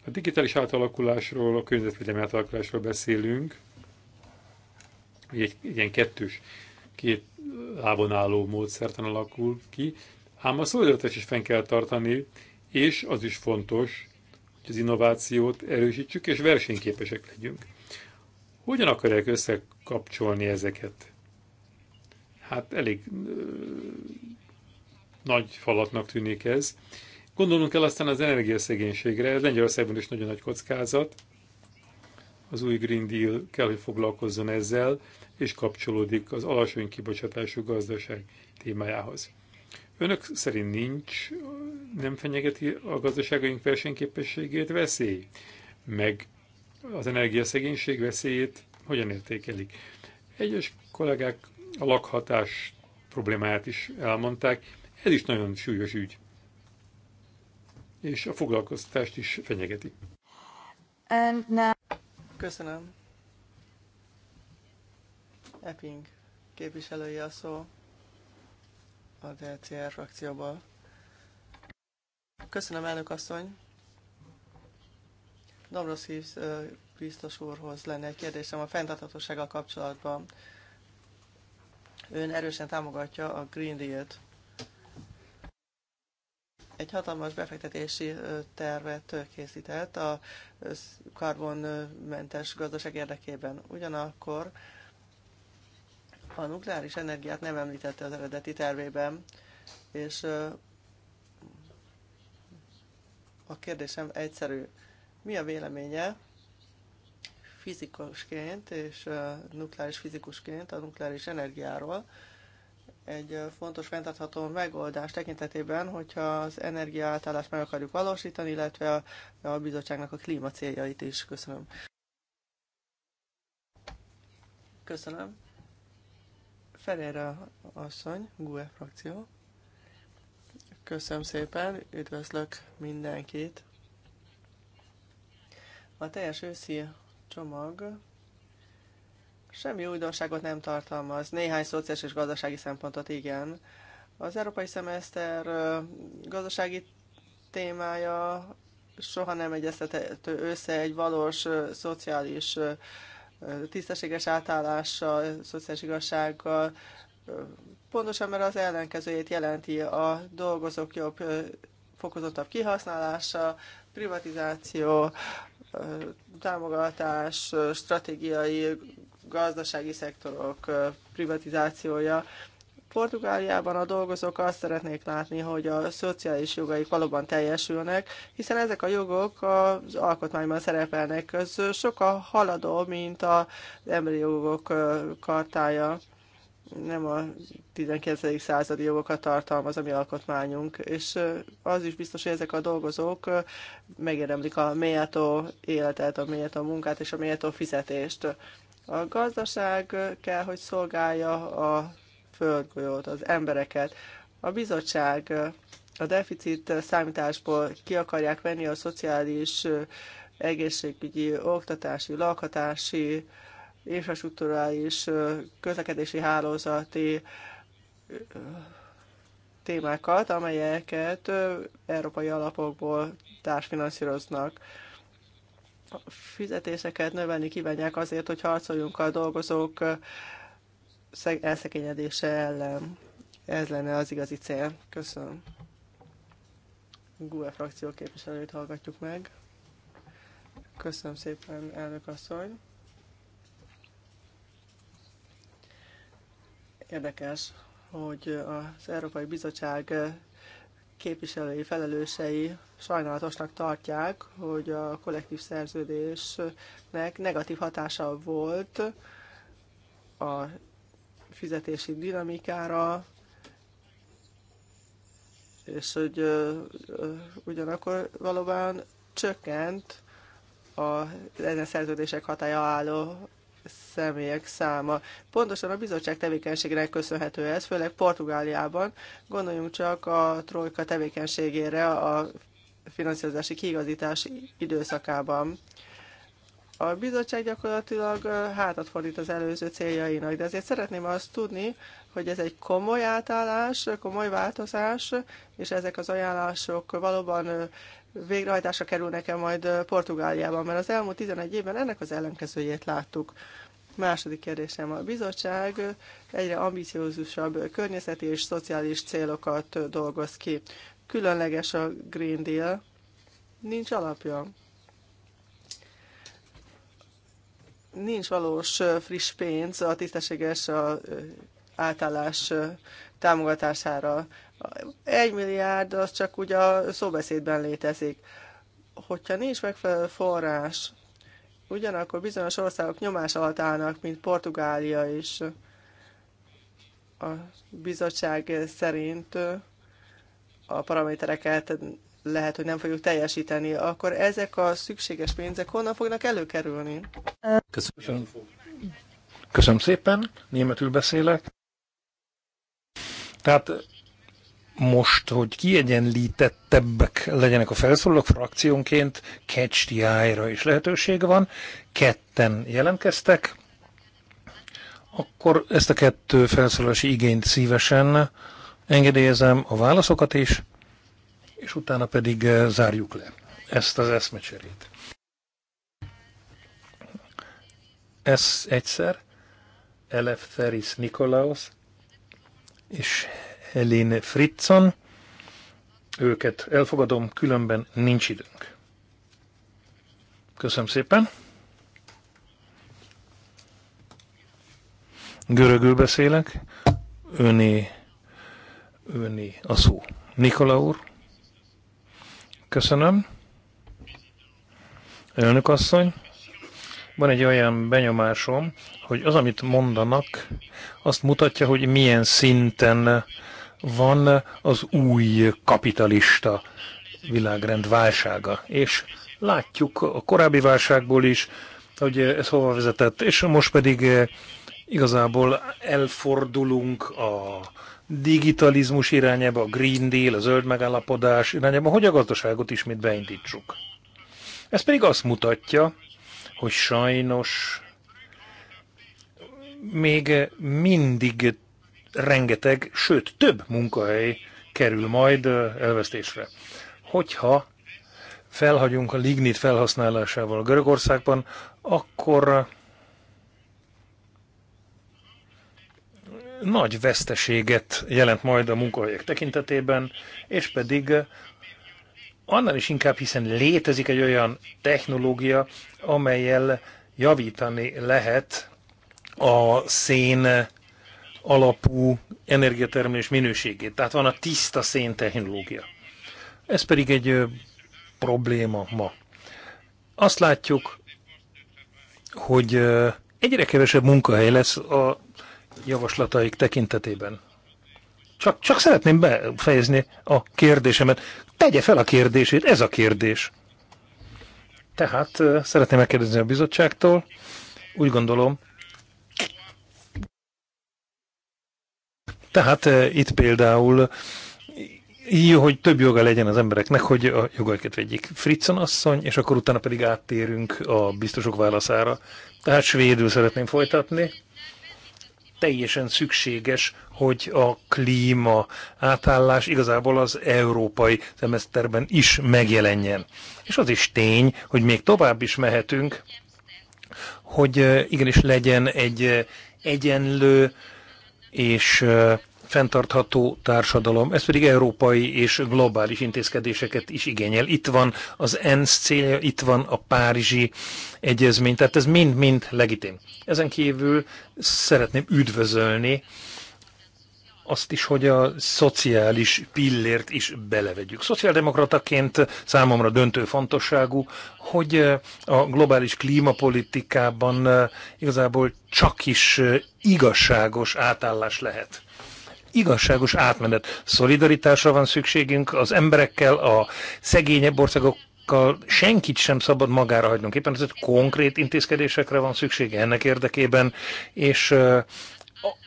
A digitális átalakulásról, a környezetvédelmi átalakulásról beszélünk, egy, egy ilyen kettős, két lábon álló módszertan alakul ki, ám a szolidaritást is fenn kell tartani, és az is fontos, hogy az innovációt erősítsük, és versenyképesek legyünk. Hogyan akarják összekapcsolni ezeket? Hát elég ö, nagy falatnak tűnik ez. Gondolnunk kell aztán az energiaszegénységre, ez Lengyelországban is nagyon nagy kockázat. Az új Green Deal kell, hogy foglalkozzon ezzel, és kapcsolódik az alacsony kibocsátású gazdaság témájához. Önök szerint nincs, nem fenyegeti a gazdaságaink versenyképességét veszély, meg az energiaszegénység veszélyét hogyan értékelik? Egyes kollégák a lakhatás problémáját is elmondták, ez is nagyon súlyos ügy és a foglalkoztást is fenyegeti. And now... Köszönöm. Epping képviselője a szó a DCR frakcióból. Köszönöm, elnök asszony. Dobroszívsz biztos úrhoz lenne egy kérdésem a fenntarthatósággal kapcsolatban. Ön erősen támogatja a Green Deal-t egy hatalmas befektetési tervet készített a karbonmentes gazdaság érdekében. Ugyanakkor a nukleáris energiát nem említette az eredeti tervében, és a kérdésem egyszerű. Mi a véleménye fizikusként és nukleáris fizikusként a nukleáris energiáról, egy fontos fenntartható megoldás tekintetében, hogyha az energiaátállást meg akarjuk valósítani, illetve a, a bizottságnak a klíma céljait is. Köszönöm. Köszönöm. Ferreira asszony, GUE frakció. Köszönöm szépen, üdvözlök mindenkit. A teljes őszi csomag Semmi újdonságot nem tartalmaz. Néhány szociális és gazdasági szempontot igen. Az európai szemeszter gazdasági témája soha nem egyeztethető össze egy valós szociális tisztességes átállással, szociális igazsággal, pontosan mert az ellenkezőjét jelenti a dolgozók jobb fokozottabb kihasználása, privatizáció, támogatás, stratégiai gazdasági szektorok privatizációja. Portugáliában a dolgozók azt szeretnék látni, hogy a szociális jogaik valóban teljesülnek, hiszen ezek a jogok az alkotmányban szerepelnek. Ez sokkal haladó, mint az emberi jogok kartája nem a 19. századi jogokat tartalmaz a mi alkotmányunk, és az is biztos, hogy ezek a dolgozók megérdemlik a méltó életet, a méltó munkát és a méltó fizetést. A gazdaság kell, hogy szolgálja a földgolyót, az embereket. A bizottság a deficit számításból ki akarják venni a szociális, egészségügyi, oktatási, lakhatási, infrastruktúrális, közlekedési hálózati témákat, amelyeket európai alapokból társfinanszíroznak fizetéseket növelni kívánják azért, hogy harcoljunk a dolgozók elszekényedése ellen. Ez lenne az igazi cél. Köszönöm. GUE frakció képviselőt hallgatjuk meg. Köszönöm szépen, elnök asszony. Érdekes, hogy az Európai Bizottság képviselői felelősei sajnálatosnak tartják, hogy a kollektív szerződésnek negatív hatása volt a fizetési dinamikára, és hogy ugyanakkor valóban csökkent a ezen szerződések hatája álló személyek száma. Pontosan a bizottság tevékenységének köszönhető ez, főleg Portugáliában. Gondoljunk csak a trojka tevékenységére a finanszírozási kiigazítás időszakában. A bizottság gyakorlatilag hátat fordít az előző céljainak, de azért szeretném azt tudni, hogy ez egy komoly átállás, komoly változás, és ezek az ajánlások valóban végrehajtásra kerülnek-e majd Portugáliában, mert az elmúlt 11 évben ennek az ellenkezőjét láttuk. Második kérdésem. A bizottság egyre ambiciózusabb környezeti és szociális célokat dolgoz ki. Különleges a Green Deal. Nincs alapja. Nincs valós friss pénz a tisztességes a átállás támogatására. Egy milliárd az csak úgy a szóbeszédben létezik. Hogyha nincs megfelelő forrás, ugyanakkor bizonyos országok nyomás alatt állnak, mint Portugália is a bizottság szerint a paramétereket lehet, hogy nem fogjuk teljesíteni, akkor ezek a szükséges pénzek honnan fognak előkerülni? Köszönöm. Köszönöm szépen, németül beszélek. Tehát most, hogy kiegyenlítettebbek legyenek a felszólalók frakciónként, catch the eye-ra is lehetőség van. Ketten jelentkeztek, akkor ezt a kettő felszólalási igényt szívesen engedélyezem a válaszokat is, és utána pedig eh, zárjuk le ezt az eszmecserét. Ez egyszer, Eleftheris Nikolaos és Helene Fritzon. Őket elfogadom, különben nincs időnk. Köszönöm szépen. Görögül beszélek. Öné, öné a szó. Nikola úr. Köszönöm. Elnök asszony. Van egy olyan benyomásom, hogy az, amit mondanak, azt mutatja, hogy milyen szinten van az új kapitalista világrend válsága. És látjuk a korábbi válságból is, hogy ez hova vezetett, és most pedig eh, igazából elfordulunk a digitalizmus irányába, a Green Deal, a zöld megállapodás irányába, hogy a gazdaságot ismét beindítsuk. Ez pedig azt mutatja, hogy sajnos még mindig rengeteg, sőt több munkahely kerül majd elvesztésre. Hogyha felhagyunk a lignit felhasználásával a Görögországban, akkor nagy veszteséget jelent majd a munkahelyek tekintetében, és pedig annál is inkább, hiszen létezik egy olyan technológia, amelyel javítani lehet a szén alapú energiatermelés minőségét. Tehát van a tiszta szén technológia. Ez pedig egy probléma ma. Azt látjuk, hogy egyre kevesebb munkahely lesz a javaslataik tekintetében. Csak, csak szeretném befejezni a kérdésemet. Tegye fel a kérdését, ez a kérdés. Tehát szeretném megkérdezni a bizottságtól. Úgy gondolom, Tehát eh, itt például jó, hogy több joga legyen az embereknek, hogy a jogaikat vegyék. Fritzon asszony, és akkor utána pedig áttérünk a biztosok válaszára. Tehát svédül szeretném folytatni. Teljesen szükséges, hogy a klíma átállás igazából az európai szemeszterben is megjelenjen. És az is tény, hogy még tovább is mehetünk, hogy eh, igenis legyen egy eh, egyenlő és fenntartható társadalom, ez pedig európai és globális intézkedéseket is igényel. Itt van az ENSZ célja, itt van a Párizsi Egyezmény, tehát ez mind-mind legitim. Ezen kívül szeretném üdvözölni azt is, hogy a szociális pillért is belevegyük. Szociáldemokrataként számomra döntő fontosságú, hogy eh, a globális klímapolitikában eh, igazából csak is eh, igazságos átállás lehet. Igazságos átmenet. Szolidaritásra van szükségünk az emberekkel, a szegényebb országok senkit sem szabad magára hagynunk. Éppen egy konkrét intézkedésekre van szüksége ennek érdekében, és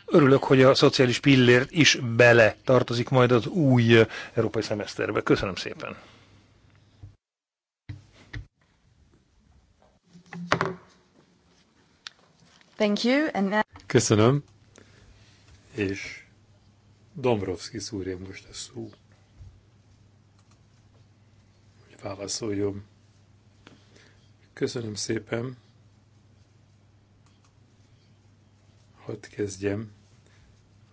Örülök, hogy a szociális pillér is bele tartozik majd az új európai szemeszterbe. Köszönöm szépen! Thank you, and now... Köszönöm. És Dombrovski szúrja most a szó. Hogy válaszoljon. Köszönöm szépen. Hadd kezdjem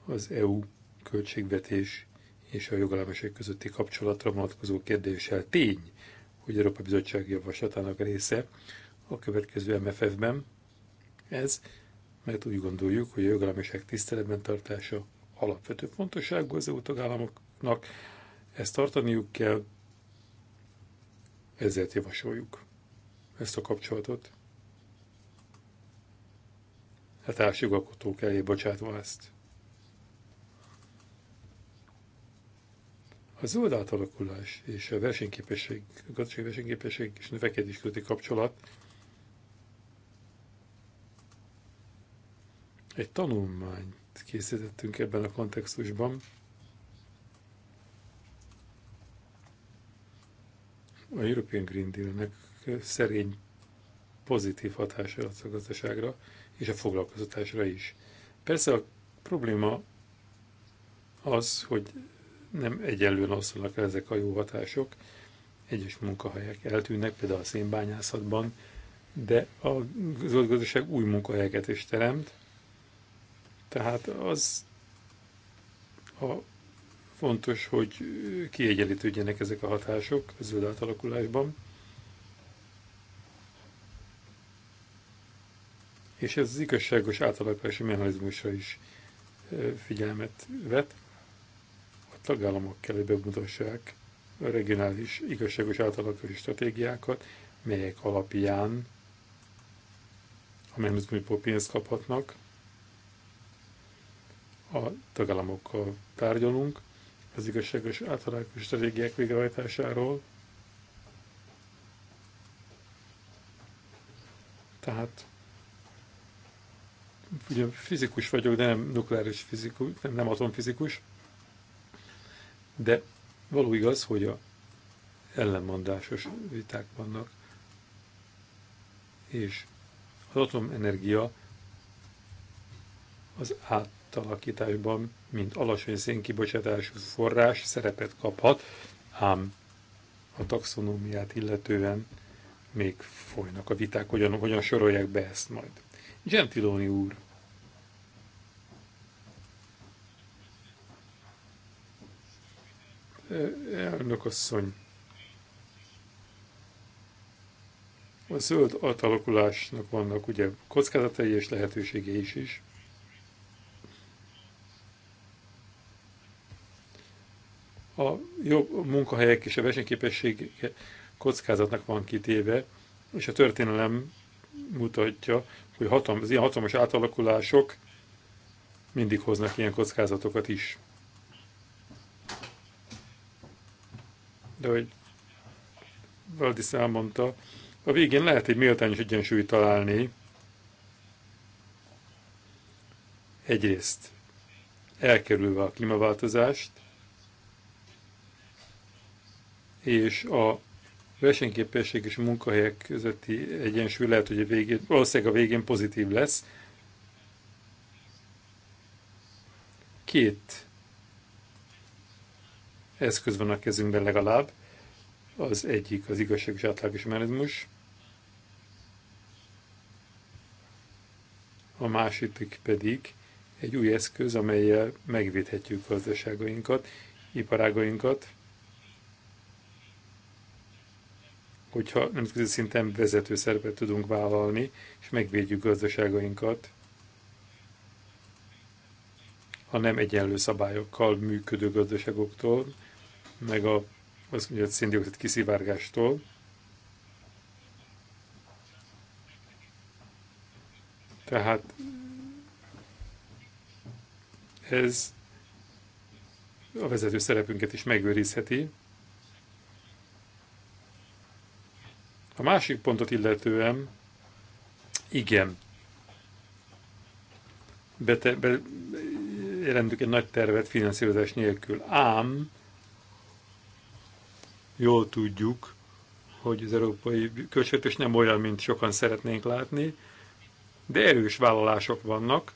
az EU költségvetés és a jogállamiság közötti kapcsolatra vonatkozó kérdéssel. Tény, hogy Európa Bizottság javaslatának része a következő MFF-ben ez, mert úgy gondoljuk, hogy a jogállamiság tiszteletben tartása alapvető fontosságú az EU tagállamoknak, ezt tartaniuk kell, ezért javasoljuk ezt a kapcsolatot a társjogalkotók elé bocsátva ezt. A zöld átalakulás és a versenyképesség, a gazdasági versenyképesség és növekedés közötti kapcsolat egy tanulmányt készítettünk ebben a kontextusban. A European Green Deal-nek szerény pozitív hatása a gazdaságra, és a foglalkoztatásra is. Persze a probléma az, hogy nem egyenlően oszlanak ezek a jó hatások. Egyes munkahelyek eltűnnek, például a szénbányászatban, de a zöld gazdaság új munkahelyeket is teremt, tehát az a fontos, hogy kiegyenlítődjenek ezek a hatások a zöld átalakulásban. és ez az igazságos átalakítási mechanizmusra is figyelmet vet. A tagállamok kell, hogy bemutassák a regionális igazságos átalakítási stratégiákat, melyek alapján a mechanizmusból pénzt kaphatnak. A tagállamokkal tárgyalunk az igazságos átalakítási stratégiák végrehajtásáról. Tehát ugye fizikus vagyok, de nem nukleáris fizikus, nem, nem atomfizikus, de való igaz, hogy a ellenmondásos viták vannak, és az atomenergia az átalakításban, mint alacsony szénkibocsátású forrás szerepet kaphat, ám a taxonómiát illetően még folynak a viták, hogyan, hogyan sorolják be ezt majd. Gentiloni úr. Elnök asszony. A zöld átalakulásnak vannak ugye kockázatai és lehetőségei is is. A jobb munkahelyek és a versenyképesség kockázatnak van kitéve, és a történelem mutatja, hogy hatalom, az ilyen hatalmas átalakulások mindig hoznak ilyen kockázatokat is. De hogy Valdis elmondta, a végén lehet egy méltányos egyensúlyt találni. Egyrészt elkerülve a klímaváltozást, és a versenyképesség és munkahelyek közötti egyensúly lehet, hogy a végén, valószínűleg a végén pozitív lesz. Két eszköz van a kezünkben legalább. Az egyik az igazságos átlagos mechanizmus, a másik pedig egy új eszköz, amelyel megvédhetjük gazdaságainkat, iparágainkat, hogyha nemzetközi szinten vezető szerepet tudunk vállalni, és megvédjük gazdaságainkat ha nem egyenlő szabályokkal működő gazdaságoktól, meg a, azt mondja, a széndiokszid kiszivárgástól. Tehát ez a vezető szerepünket is megőrizheti, A másik pontot illetően, igen, jelentük egy nagy tervet finanszírozás nélkül, ám jól tudjuk, hogy az európai költségvetés nem olyan, mint sokan szeretnénk látni, de erős vállalások vannak,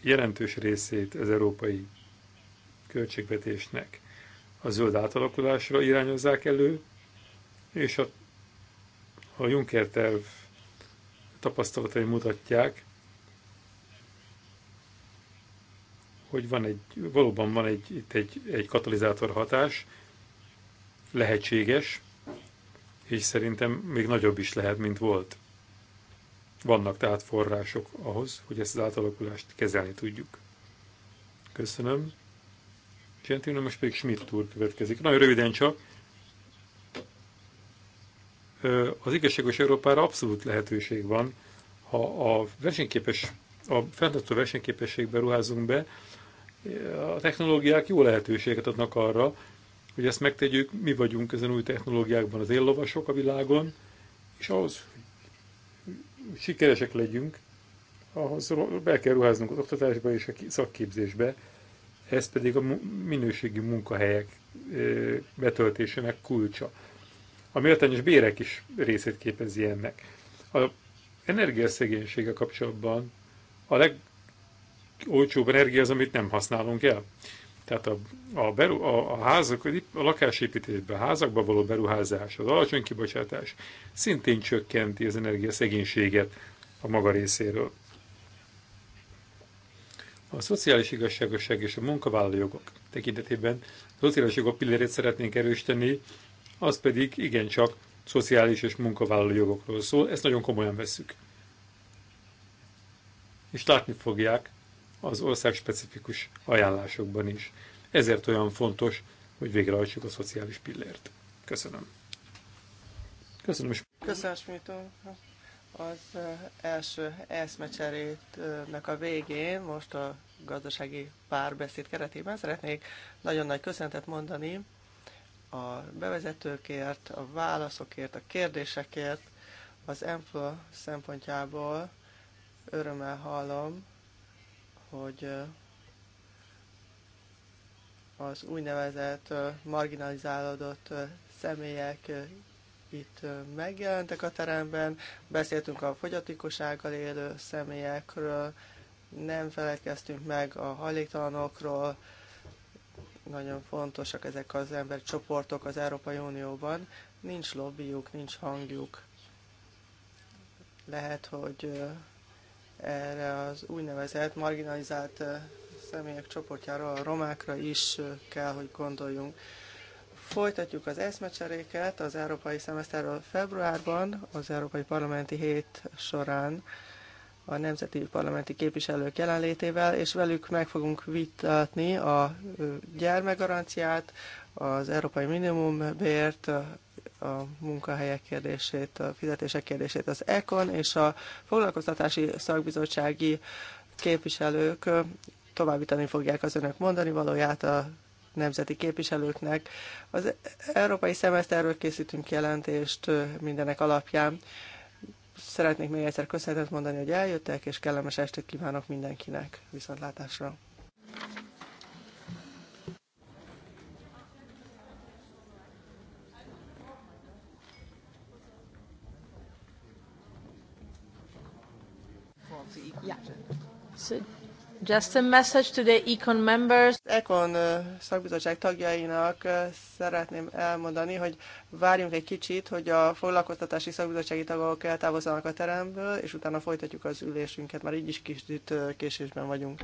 jelentős részét az európai költségvetésnek a zöld átalakulásra irányozzák elő, és a, a Juncker terv tapasztalatai mutatják, hogy van egy, valóban van egy, itt egy, egy katalizátor hatás, lehetséges, és szerintem még nagyobb is lehet, mint volt. Vannak tehát források ahhoz, hogy ezt az átalakulást kezelni tudjuk. Köszönöm. Gentilnő, most pedig Schmidt úr következik. Nagyon röviden csak, az igazságos Európára abszolút lehetőség van, ha a versenyképes, a fenntartó versenyképességbe ruházunk be, a technológiák jó lehetőséget adnak arra, hogy ezt megtegyük, mi vagyunk ezen új technológiákban az éllovasok a világon, és ahhoz, hogy sikeresek legyünk, ahhoz be kell ruháznunk az oktatásba és a szakképzésbe, ez pedig a minőségi munkahelyek betöltésének kulcsa. A méltányos bérek is részét képezi ennek. A energiaszegénysége kapcsolatban a legolcsóbb energia az, amit nem használunk el. Tehát a, a, beru, a, a házak, a lakásépítésben, a házakba való beruházás, az alacsony kibocsátás szintén csökkenti az energiaszegénységet a maga részéről. A szociális igazságosság és a munkavállalói jogok tekintetében a szociális jogok pillérét szeretnénk erősíteni, az pedig igencsak szociális és munkavállaló jogokról szól, ezt nagyon komolyan vesszük. És látni fogják az ország specifikus ajánlásokban is. Ezért olyan fontos, hogy végrehajtsuk a szociális pillért. Köszönöm. Köszönöm is. Köszönöm, Az első eszmecserétnek a végén, most a gazdasági párbeszéd keretében szeretnék nagyon nagy köszönetet mondani a bevezetőkért, a válaszokért, a kérdésekért. Az EMFLO szempontjából örömmel hallom, hogy az úgynevezett marginalizálódott személyek itt megjelentek a teremben, beszéltünk a fogyatékossággal élő személyekről, nem feledkeztünk meg a hajléktalanokról, nagyon fontosak ezek az embercsoportok az Európai Unióban. Nincs lobbyjuk, nincs hangjuk. Lehet, hogy erre az úgynevezett marginalizált személyek csoportjára, a romákra is kell, hogy gondoljunk. Folytatjuk az eszmecseréket az európai szemeszterről februárban, az Európai Parlamenti Hét során a nemzeti parlamenti képviselők jelenlétével, és velük meg fogunk vitatni a gyermekgaranciát, az európai minimumbért, a munkahelyek kérdését, a fizetések kérdését az ECON és a foglalkoztatási szakbizottsági képviselők továbbítani fogják az önök mondani valóját a nemzeti képviselőknek. Az európai szemeszterről készítünk jelentést mindenek alapján. Szeretnék még egyszer köszönetet mondani, hogy eljöttek, és kellemes estét kívánok mindenkinek. Viszontlátásra! Yeah. So Just a message to the Econ members. Econ szakbizottság tagjainak szeretném elmondani, hogy várjunk egy kicsit, hogy a foglalkoztatási szakbizottsági tagok eltávozzanak a teremből, és utána folytatjuk az ülésünket, már így is kicsit késésben vagyunk.